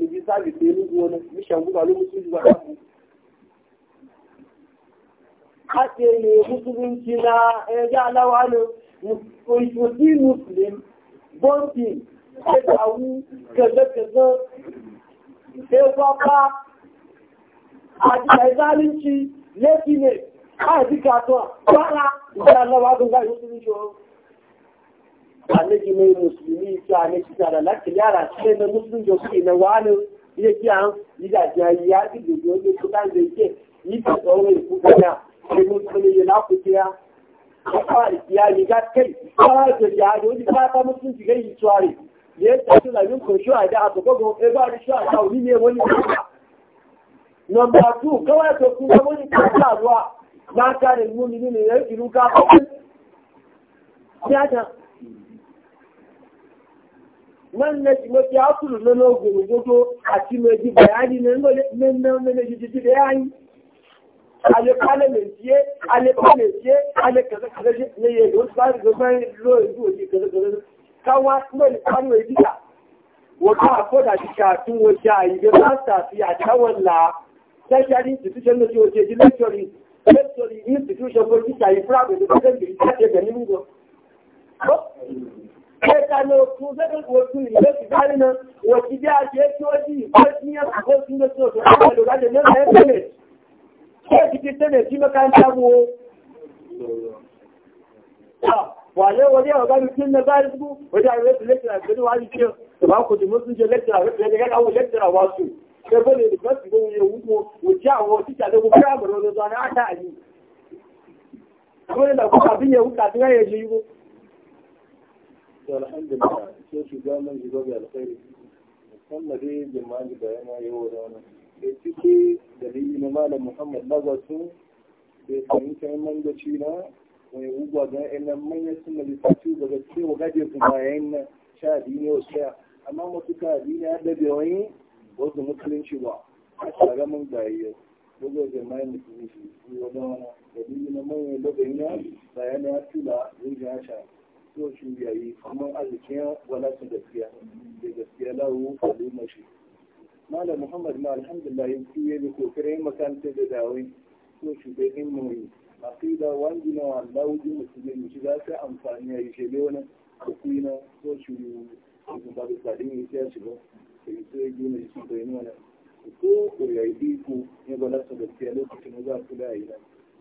da bi sabi da ni gona mi shan guba lu musu ba ku kace ne musulunci na ya lawa ne musulunci muslim bonti sai da awu kaza kaza sai kwakwa a jikai zalunci laifi ne a jikatuwa kwana da lawa sun ga musulunci wani annabi mai musulmi ta ne kita da lati yara sai na musulmi da kuɗi na wani ya ki an yi da ya ya ki da dole ku kan da yi ta tsawon ku kana sai musulmi ya lafi kiya ka fara kiya ni ga kai fara da ya dole ka ta musulmi ga yi tsari ne ta su da yin kosho a da aka ga e ba da shi a ta wuri ne wani number 2 kawai to kuma wani ta na kare mu ne ya iruka ko ya man na ci mafi asulu na nogo rubuto a ci mai ji bayani na na ji ale ale ale kaza kaza ne ye don ba da lo ju ji kaza kaza kan wai wa ka ko da ka tun wa fi a tawalla sai shari institution ne ji institution ko sai da ga ni go ẹ̀kànà òkun sẹ́kùn òkun ìlú ti dárí náà wọ̀tí bí a ṣe tí ó jí ìpẹ́ tí yẹn kò sí ló tí ó tó láti ẹ̀lò láti ẹ̀lò ẹ̀ tẹ́lẹ̀ ṣé ti fi tẹ́lẹ̀ sí mẹ́ka ń dábò ó. wà lé wọlé ọ̀gá mi tí yi lọ yi fún ọjà rẹ̀ ti lẹ́tìrà ìgbẹ́ni wáyé tí ó tọ̀bá kò tí mo tún jẹ lẹ́tìrà rẹ̀ ti lẹ́tìrà wá to alhamdulillah sai shiga man shiga ga alkhairi musamman dai jama'a da bayana yau da wannan da ciki dalili na malam muhammad nazasu da fahimtar mangaci na wani ugwa ga yanan manyan suna da lissafi daga cewa gaje su bayan na sha biyu ne wasu ya amma wasu ka biyu ya dabe wani wasu musulunci ba a tare mun gayyar dogo jama'a musulunci wani wani dalili na manyan lokacin na, bayan ya tula zuciya sha so juyayi kuma alkiya wala su gaskiya da gaskiya lawo falu mashi malam muhammad ma alhamdulillah yanzu ya bi kokarin makarantar da dawai so shugaban mai aqida wangi na wallahu ji musulmi shi za ta amfani ya yi shebe wani hukumi na so shi ba da sadin ya ce shi ba sai sai ya gina shi bayan wani ko ko ya yi iko ne ba za su gaskiya lokacin za su da yi nan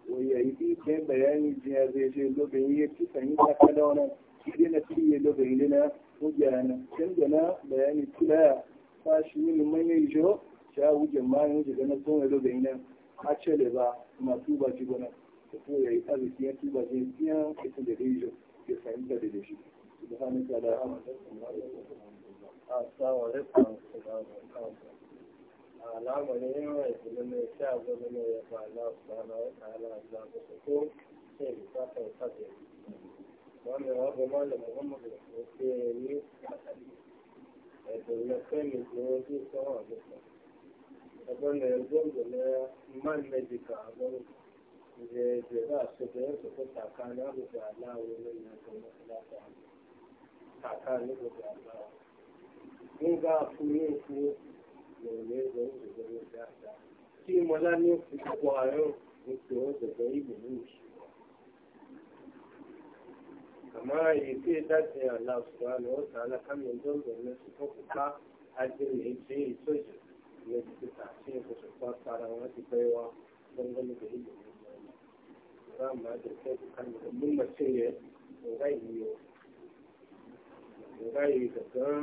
wai ya yi iko bayani jiya zai je zo bayan ya ci sanyi ta kada wani idan fiye da bayyana wujana dangana bayani kula fashi yin manyan jo sha wujen mayan wujen gana sun wani bayyana a cele ba masu ba ci gwana ya arziki ya tuba zai ita da ya fahimta da da shi sha ya ba na ko wanda ya ga malam Muhammad ya ce ni da na kai ne ko zai kawo da ta banda ya zo da na man na jika abin da ya za su da ya su kuta kana da da alawo na ya ga masalata kaka ne da da alawo in ga fuye ko ne ne da ya zo da ya da shi mala ne ku kwayo ne ko da ya yi mu shi amma ya ce dace ya Allah su ba na wata na kamin don domin su ko kuka ajin ne ce ya so shi ne su ta ce ku su ba tsara wata baiwa don gani da ilimin za mu da sai ku kan da mun mace ne ko ga iyo ko ga iyo da ga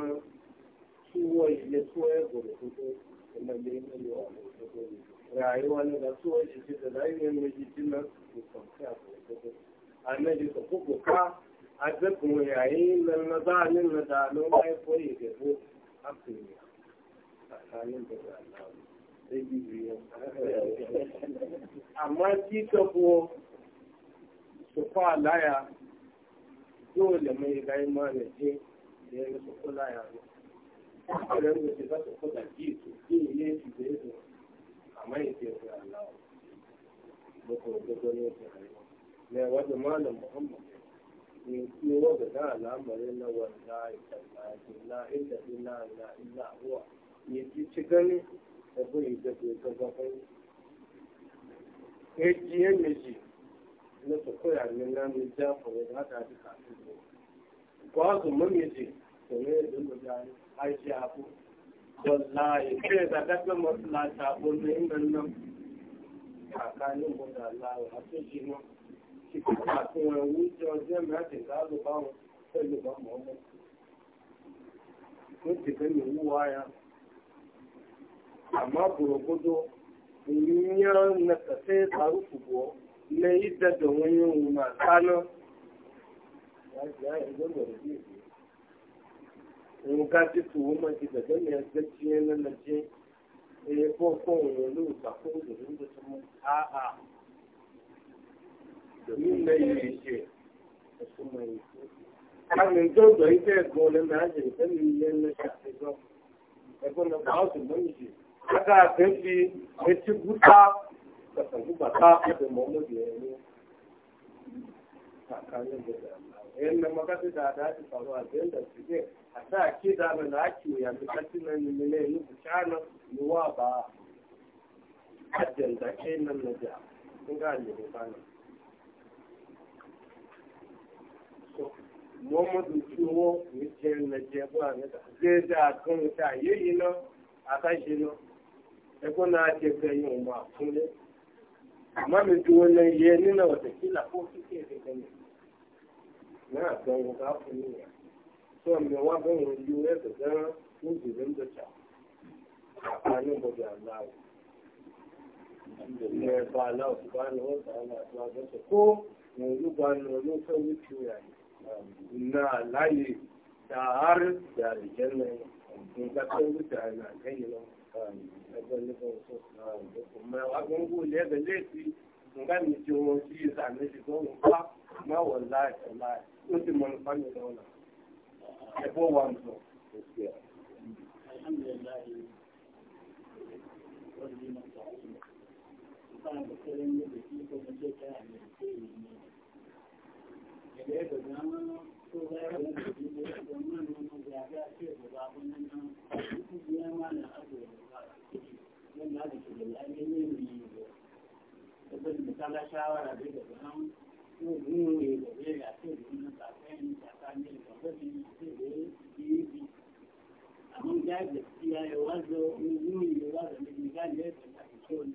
ciwo ya ciwo ya gurgudu kuma ne ne ne wa gurgudu rayuwa ne da ciwo shi da rayuwar ne jikin nan ku kwanta gurgudu annabi ka عزكم يعين للمظالم المظالم ما يقول يجبوا حقهم amma shi ka ko su fa laya dole mai gai manaje da ya su kula ya zo ƙwarar da shi za su da ji su ji ne su da ya zo amma ya ce su Allah ba ko da rayuwa ne wajen malam muhammad in kiro da kan al'amarin na wanda ya tallafi na inda ina na ina huwa ya ci cikin da bai da bai gabatai ya miji na su koya min na min jafa ya hada da kafin ne kwa su mun da ne da mutane ai shi abu wallahi sai da daga masu lata ko ne inda nan kakanin mutane Allah ya hace shi mun ti fi àkún ẹ̀wú jẹ ọjọ́ mẹ́rin láàrú báwọn pẹ̀lú bá mọ́ mọ́. Ó ti fẹ́ mi wú wáyà. Àmọ́ bòrògbódó, ìyíyàn nẹ̀kẹ̀sẹ̀ tarúfù bọ̀ ní ìdẹ̀dọ̀ wọn yóò wù máa sáná. Nǹka ti tù domin mai mai ń mẹ́mọ́ káfí náà. muhammadu tuwo ni jẹ na jẹ bó àná zéda àtúnú tá a yéyí lọ àtàṣe lọ ẹgbọn náà jẹ gbẹyìn ọmọ àkúnlé àmọ́ mi tuwo náà yẹ nínú ọ̀sẹ̀ tí làkó kíkẹ́ ẹ̀sẹ̀ gbẹ̀yìn náà gbẹ̀yìn ọ̀gá fún mi yà tó mi wá bẹ̀rù ju ẹ̀sẹ̀ gan ní ìdílé ń dọ̀jà àpáyé gbọdọ̀ àláwọ̀ ìgbẹ̀yìn ẹ̀fọ́ aláwọ̀ tó bá ní wọ́n tà á ní àtúwájọ́sẹ̀ kó ìrìn olúgbani olóńfẹ́ wípé rẹ̀ na layi da har da rikin Àwọn ìjà ìgbẹ̀sí ayọ̀ wájọ ojú ìlú wájọ níbi ìjà ìgbẹ̀sí àti ṣóòlù.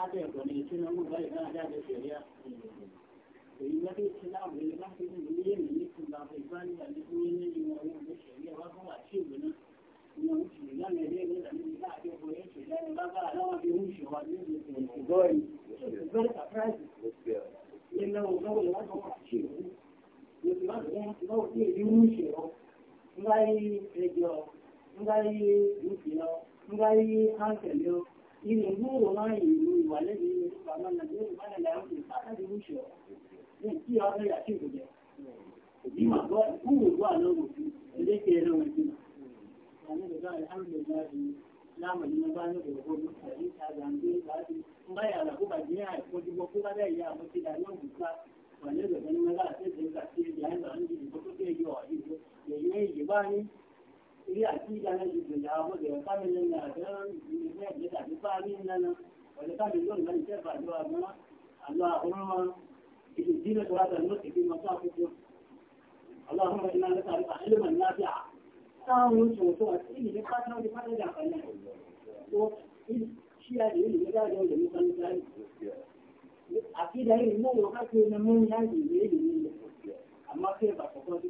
fata ya gwani suna mun bari kana da da shari'a to yi wata islam ne ba su yi ne ne ne kun ba kai ba ni da ne ne ne ne wani da shari'a ba kuma ce mun ne wuce ne ne ne ne da ne ba ke ko yace da ne ba ba da wani wuce wa ne ne gori gori ta price ne ne ko ga wani wani ko ce ne ne ba ne ne ko ce ne wuce ko ngai ejo ngai wuce no ngai hankali nínú gbóòrò máa ń ìlú ìwà lẹ́nu ilé àti ìdáná ìgbèjà ọmọdé ọ̀ká mi lẹ́nu àdéhùn ìgbìmọ̀ ẹ̀jẹ̀ àti fáàrí ńlẹ́nu ọ̀dẹ́ká mi lónìí láti tẹ́fà àjọ àgbọn àlọ́ àkọ́rọ́mọ ìlú ìdílé tó wájà ló ìdílé pátá ó di pátá ìjà tó ṣí àdé ìlú mẹ́ta àjọ ìlú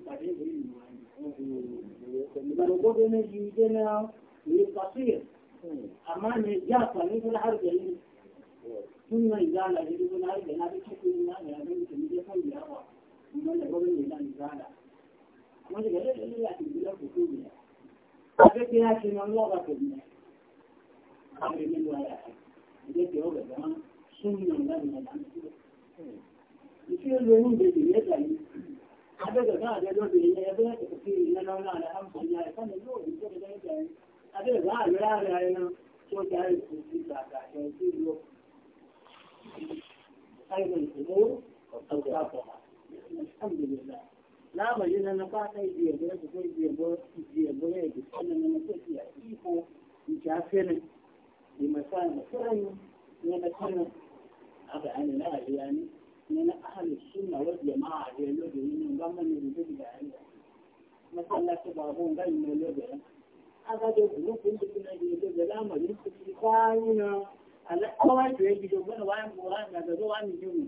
mẹ́ta ní الوجود نجي يجينا للقصير أما نجاة مثل حرب الهند ثم إزالة يجب أن أعرف أن هذا الشكل من هذا يجب أن يكون بأرواح ثم يقول لي لا إزالة ما تقدر إلا يأتي بلا فصول أبيت يأتي من لغة ابنه أمر من ولا أبيت يوجد زمان سنة من الأمر يصير لهم بيت يتعلم هذا ما جدول بيجي هذا كثير لنا ولا أنا هم سنيا كان يقول يقول هذا كذا هذا ما جرى له أنا شو جاي يصير هذا كان يصير أيضا الأمور والتوقعات الحمد لله لا مجينا نقاط أيدي بس أيدي بس أيدي بس أيدي أنا من أساسي أيفو يجافرن لمكان مثلا لمكان أبعد عن الأهل يعني ne na ahal sunna wal jama'a ya lobe ni ga manni da duk da ai masalla ta ba hon ga ni lobe a ga da duk kun da kuna ji da da lama ni ku ci kai na ala kowa da yake da wani wani mura da da wani ji mu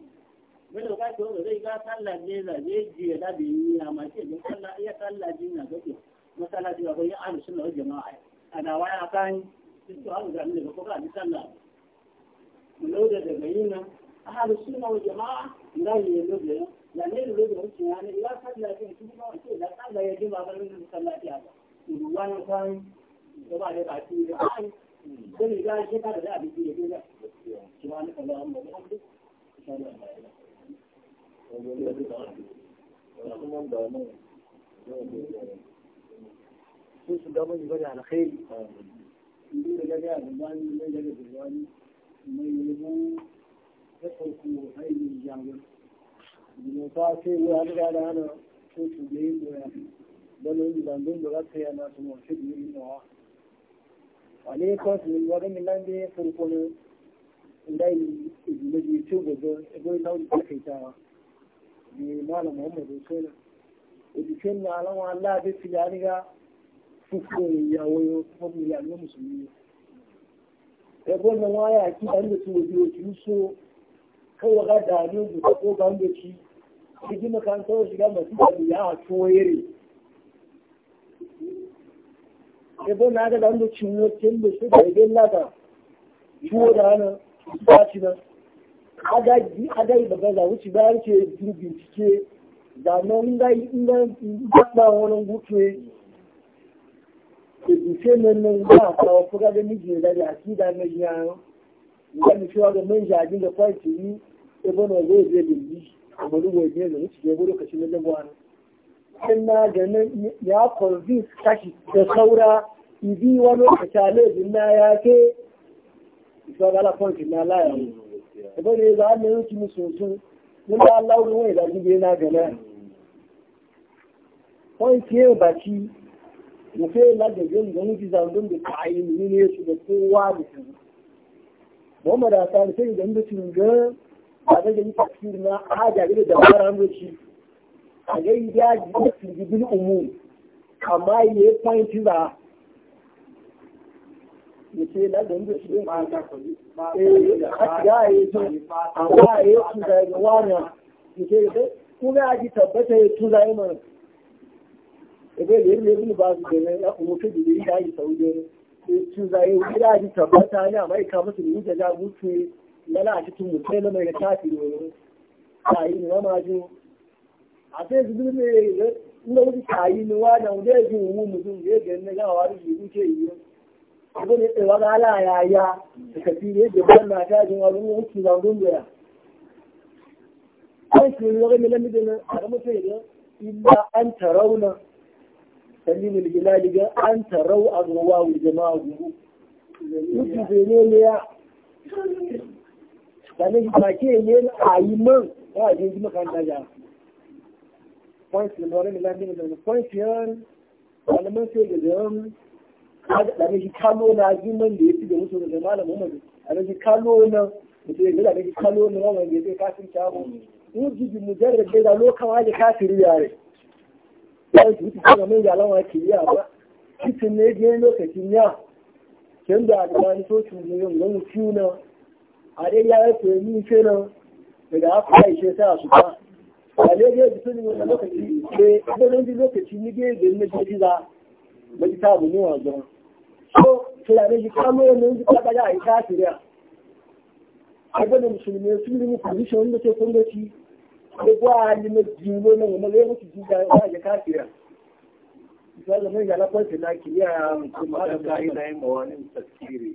mun da kai to da ga sallah ne da ne ji da da ni na ma ce da sallah ya sallah ji na gobe masalla ta ba ya ahal sunna wal jama'a ana wani akan sun to an ga ni da ka ni sallah mun da daga أهل السنة والجماعة لا يلوب لأن يلوب لهم يعني لا قد لا يجب لا قد لا يجب هذا من المسلات هذا يلوان كان وبعد بعثين الآن كل قال شيء هذا لا بيجي يجي سبحانك اللهم وبحمدك أشهد أن لا إله إلا أنت sun su gama yi bada alkhairi. Inda da gari a zamani, mai gari da zamani, mai yi ta ce wa an gada hana ko su da yi goya don yin bandun da za ta yi na su mafi da yi nawa ne kawai su wani milan da ya farko ne inda yi mafi ce gobe ego yi lauri ta kai ta ne malam muhammadu sona edikin na alawa allah bai fi ya riga fusko ya wayo mafi ya ne musulmi ego na waya kiɗan da su wajen wajen so Kawai wa gada hannun su ta koga wanda ci ciki makarantar wa shiga masu tabi ya a coyere ebo na ga wanda ci ne cin da su da idan laka ciwo da hana ba ci nan agaji da gaza wuce ba ya ce bincike da nan ga inda ba wani gutuwe ìdíṣẹ́ lẹ́nu ìgbà àtàwọn fúgádé méjì ìdájọ́ àti ìdá méjì àrùn ìgbà mi fi wá gbé méjì àdínlẹ̀ pọ́ìtì ya bana zai zai lulli a wani waje da wuce ya gudu kashi na lagwana in na ganin ya kwanzi kashi da saura ibi wani lokaci a laifin na ya ke isa ga lafankin na laya ne ya bana ya zaɓa mai yanki musu sun yin da Allah wani da jibe na gana wani ke baki mutum na da jin da mutu zandun da ta ayi ne su da kowa da su. Muhammad Hassan sai da mutum ga ba zai da yi tafsir na haja ne da bara hannuci a ga yi ya ji tafsir bin umu amma ya yi fahimci ba ya ce na da yanzu shi ma eh, a shiga ya yi sun amma ya yi sun da ya wani ya ce kuma ya ji tabbata ya tura yi mana ebe da yin lebin ba su da na umutu da ya yi sauri ne ya tura yi ya ji tabbata ya mai kamata da yi da ya mutu lana a cikin mutai na mai tafi ne ta yi na maju a sai su zurbe inda wuce ta yi ni wa da wuce ji wuwu mutum ya ga na gawa da shi duke yi abu ne tsawa ga ala ya ya da kafi ne da ban na ta jin wani wuce da gun kai shi ne wani lamidin nan a mutum ya illa an tarauna سليم الجلال جاء أن تروا أغواو الجماعة وجوه يجب أن sannan ba ke ne a yi man ba a jirgin makaranta ya points da wani da ne da points yan sai da da ne kalo na da da musu da a ne kalo na mutum da kalo na wannan da kafin bi da da lokawa da yare yi ga mai yalan a ba ne da lokacin ya da da ni ne wani ciwo ale ya yi koyi shirin daga haka ya ishe a su a ale zai yi ne wani lokaci ke ɗarin ji lokaci ne ge ga na za ba ji ta buni wa zuwa so tunani ji kamo yana yanzu ta ɗaga a ita shirya abin da musulmi sun yi muku bishin wanda ke kungaci da kuwa hali na jingo na wani ya mutu ji ga ya kafira misali mai ga lafiyar na kiriya kuma da ka'ida yin tasiri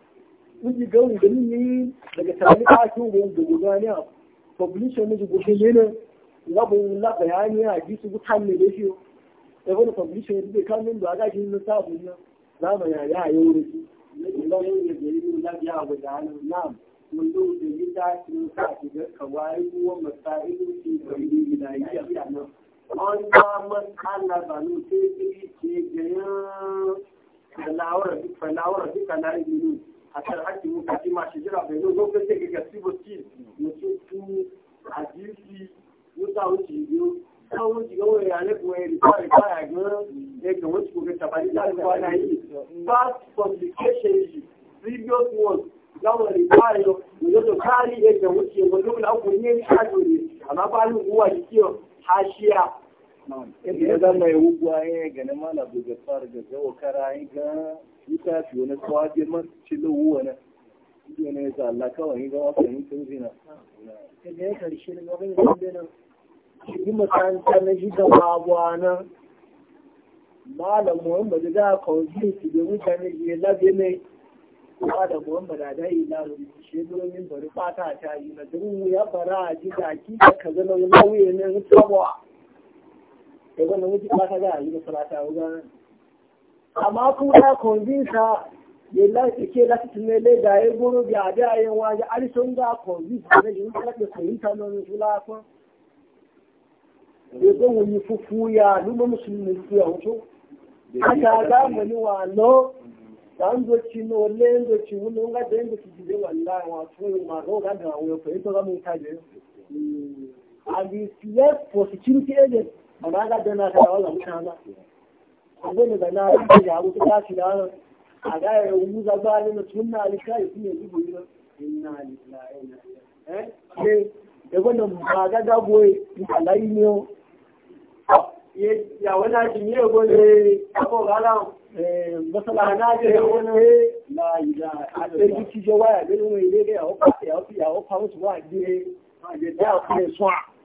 ji ga wani ganin ne daga tarihi a cikin wani da ne a publisher ne ne yana labin bayani a ji su gutan ne da shi da wani population ne da kan da aka shi na sabu na zama ya ya yi wuri ne da da yi a na mun da yi da shi sa ki ga kawai kuwa masa'ilu ki bari gida yi a nan an ba matsala ba ne ce ga yi hataraki mukadima shijira beno zo kete ke gasibo ti mutu tu hadisi muta uti yo kawo ti gawo ya ne ko eri pare pare go e ko wuti ko ke tabali da ko na yi but publication is previous one gawo ri pare yo yo to kari e ko wuti ko lo la ko ni ni ajuri ama ba lu wa dikiyo hashiya Ibi da zama ya wugwa ya gane mana bugatar da zawo kara ga ita fi wani kwa girman cilowu wani ido ne sa Allah kawai ga wasu yin sun zina. Kaga ya karshe na wani sun zina. Shigi makaranta na shi da babuwa nan. Malam Muhammadu da kawai su da mutane shi ya labe mai. Kuma da Muhammadu da yi lalu shi domin bari fata ta yi na dubu ya fara a ji da ki da ka zana wani lauye ne na tabawa. Daga nan wuce ba ta ga a yi masalata wajen amma kuma ya convinsa ya lafi ke lati tunele da ya goro bi a da yin waje a alison ga convinsa da jin kala da fahimta na wani sula kun ya zan wuyi fufu ya numa musulmi su ya hoto aka ga mani wa no da an zoci no le zo zoci wani wanga da yanda ki jide wallahi wa yi ma zo ga da wa fahimta ga ta kaje a bi siyar for security agent ba ga dana ta wala mutane wani da na rufe da abu ta tashi da hannun a gaya da wani zaba ne na tunna alikai su ne dubu yi inna alikai ne da wani maga dagbo alayi ne o ya wani aji ne abu gara masala na aji ne wani la ila a tsarki cije waya ganin wani ne da ya hau ya hau ya hau ya hau ne suwa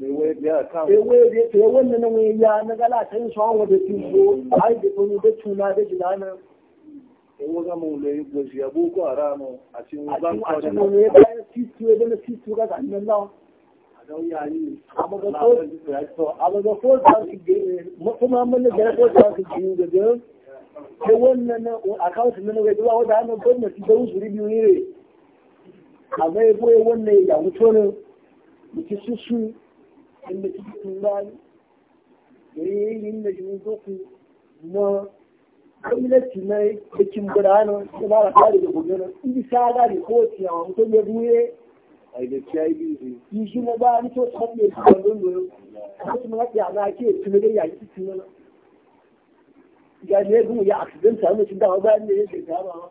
ewe biya to yawan nan wani ya na gala ta yin shawon wadda su zo ai da tunu da tuna da na. ewe ga mu le ya boko a cikin ban kwa da ne bayan ya e ga nan a ga da nan duwa gwamnati da biyu ne amma wannan ya mutu ne mutu su inda cikin bani da yayin da shi so na gwamnati na cikin birane da ba ta da gudunar in sa da ko ciyawa mutum ya ruye ai da ciyayi yi shi na ba ni to san ne da gudunar kuma ya na ke tuni da ne ba ba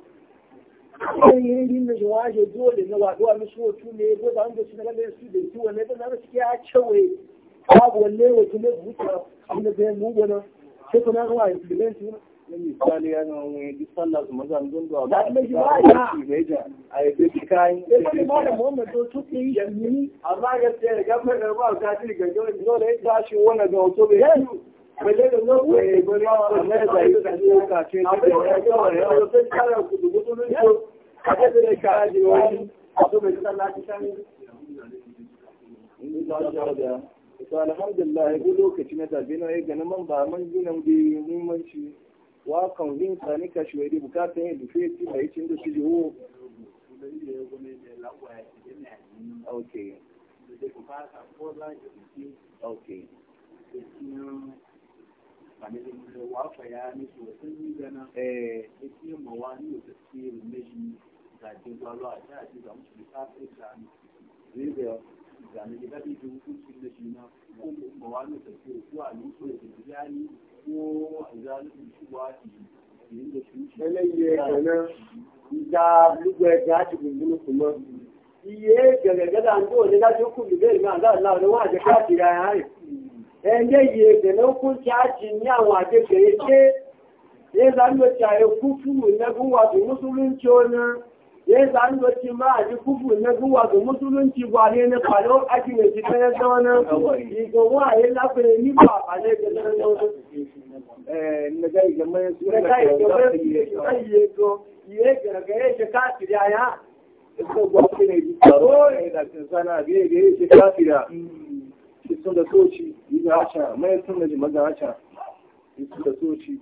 yin da waje dole na waduwa na shotu ne ko da wanda su daga su da su wanne da zama suke ya cewe babu wanne ne buta inda zai mu gona sai kuma ruwa ya bilen su ne misali ya na wani duk sallah su mazan don da ba da shi a yi da kai sai kuma ba da Muhammad to su ke yi ni amma ga sai da gaban da ba ta ci ga dole dole ta shi wannan ga wato bai yi balle da zo ko ya yi ba ma wannan da zai ka ce da ya a ce alhamdulillah duk lokaci na zabe na ga na man ba man gina da muhimmanci wa kan yin tsani ka shi yi bukatun dufe mai cin da eh. zaɓen kwallo a ta ce ga mutum ta fi zane zai zane ya daɗe da hukuncin da shi na ko ba wani tafiya ko a nufi da jirgiyani ko a zalibin shi ba shi yin da shi yanayi ya gana da lugu ya gaji gungun kuma iye gagagada an dole ga shi hukumi bai ma za Allah wani waje ka tira ya hari ẹgbẹ́ iye gẹ̀nà hukunci aji ní àwọn agbègbè ṣe ní ìlànà ìṣàyẹ̀kú fún ìnẹ́gún wà tó mùsùlùmí tí ó náà ya sami wacce ma a ji kufu na zuwa ga musulunci ba ne na kwalon ake mai cikin ya ni ba a ne ga nan eh, na ga ya ya yi shi ya ko da sana ya shi sun da soci yi haca sun da ji maza haca sun da soci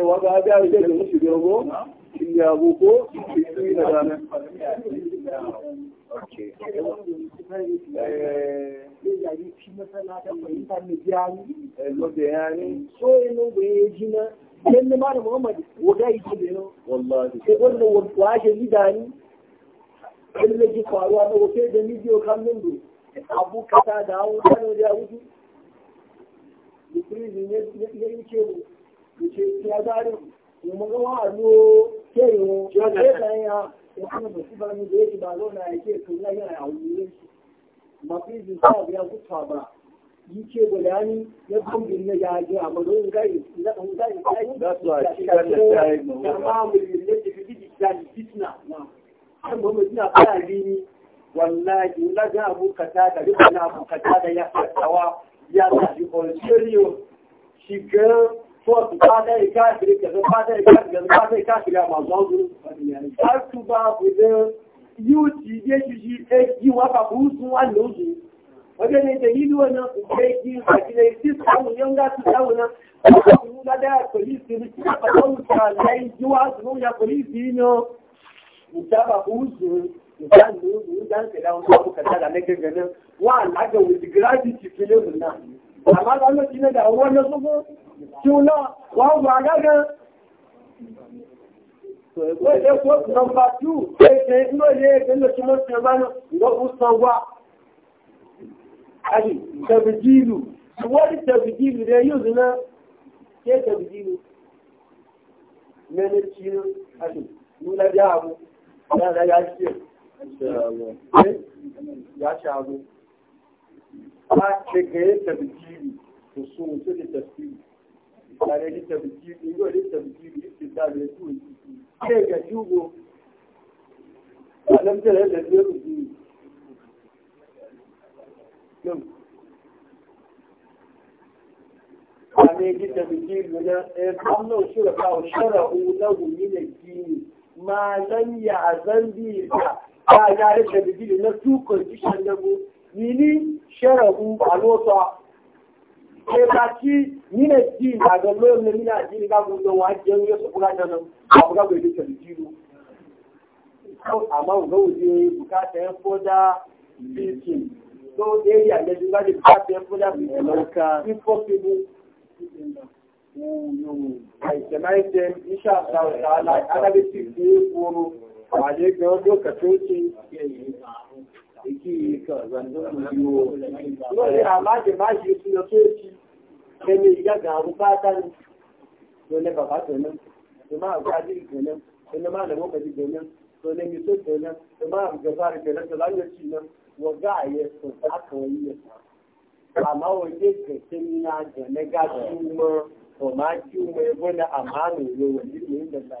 wa ga da da mu shi go in ya da nan okay abu kata da hawo kano da wuce ìpínlẹ̀ ní ìṣe ìṣe ti agbárí ìmọ̀gá wọn àlú ṣé ìwọ̀n ṣé ìdáyà ìpínlẹ̀ bòsíbà ní ìdíyẹ ìgbà lọ́nà àìṣe ìpínlẹ̀ yàrá àwọn ilé mafizin sabu ya kusa ba yi ce bayani ya kungin na yaje a gari a cikin da da rikon da yana shi kwalciriyo padre fosu ba ta yi kafiri kaza ba ta yi padre kaza ba ta yi kafiri a masu hanzu har su ba ku da yiwu ci je shi shi ta yi waka busun wallon su wajen ne da yi ni wannan kai ki a o yi samu yan ga su samu na ba su o da polisi ne ba ta wuce na yi yiwa o nuna polisi ne mu ta ba busun misali ne yau da yanka dawon samu kaza da na na da ko wani ke ne da ya shazo ba ce ga yi tabbiri da so su da tafsiri tare da tabbiri yau da tabbiri su da da su ce ga jugo a da yadda zai rubu yau kame ji tabbiri na ɗaya kamar shura kawo shara'u na gumi da gini ma zan yi a ba gare shagigili na two condition na bu nini sharabu a lota Ebati nina ji a ga lóyún na nina ji ni gagun na wa jẹun yóò sọkúnra jẹun àwọn gagun èdè tẹ̀lé jíru. Àmọ́ òun lówó di bùkátà ẹ̀ fọ́dá bíìkì tó éyí àgbẹ̀jú bá di bùkátà ẹ̀ fọ́dá bíìkì lọ́ka fífọ́sibú. Àìsàn náà jẹ iṣẹ́ àṣà ọ̀sà alábẹ́sì sí oorun. waje ga wani lokacin iki ka zanzan yiwu lori a maji maji su na soci da ne ya ga bukatan dole ka fata nan kuma a gaji kenan kuma ma da lokaci kenan to ne mi so kenan kuma a gafari kenan da zan yi nan wa ga a yi su aka wani ya sa amma wani ka sun na da na gaji ma to ma kiwo ne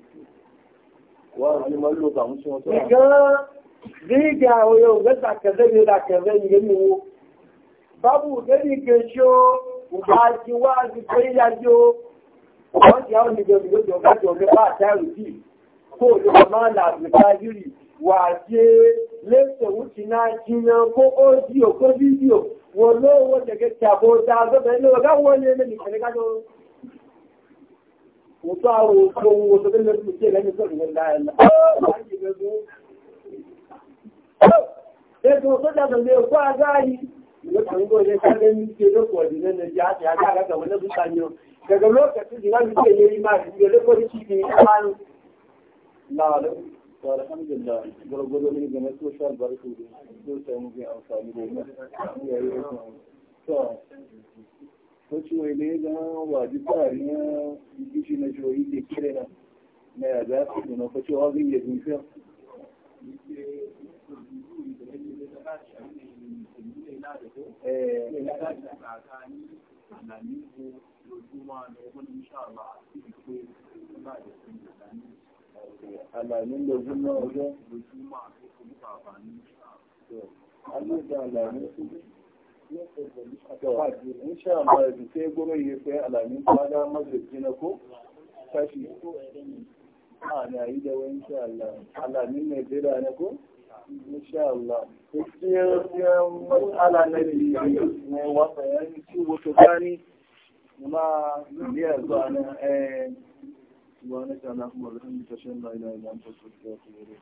Igan zai gyawo yau ga zakazai ne zakazai ne wo. Babu gani ke sho, ba ki wa ki kai ya jo. Wọ́n ti àwọn ìjọ ìjọ ìjọ ìjọ ìjọ bá àtàrí sí. Kó o lè máa là àbùkà yìí wà ṣe lẹ́sẹ̀ wùtí náà jìnnà kó ó di òkó fídíò. Wọ́n lówó tẹ̀kẹ́ tàbó dáa tó bẹ̀rẹ̀ lówó káwọn ní ẹni nìkan ní kájọ́. وصاروا يسووا وتقول لك مشكلة لم يصير من الله إلا sai to sada da zai kwa gani da kan go da kan ni ke da ko din nan ya ta ya ga ga wannan mutane daga lokacin da zai ke yi ma da lokaci ne an la alhamdulillah gurgudu ne ga masu shar barku da sai mu yi amfani da wasu wai ne ga waji tsari na gishi na shoyi ke kire na na ya za su nuna kwacewa zai iya dunfiya alamun da zuma wajen alamun da alamun in sha Allah da sai gwamnati ya sai alamin kwana mazarki na ko tashi a na yi da wani Allah alamin mai jira na ko na ne wasa ya yi ci wato gani ma biyar na eh wani sana kuma tashin na ina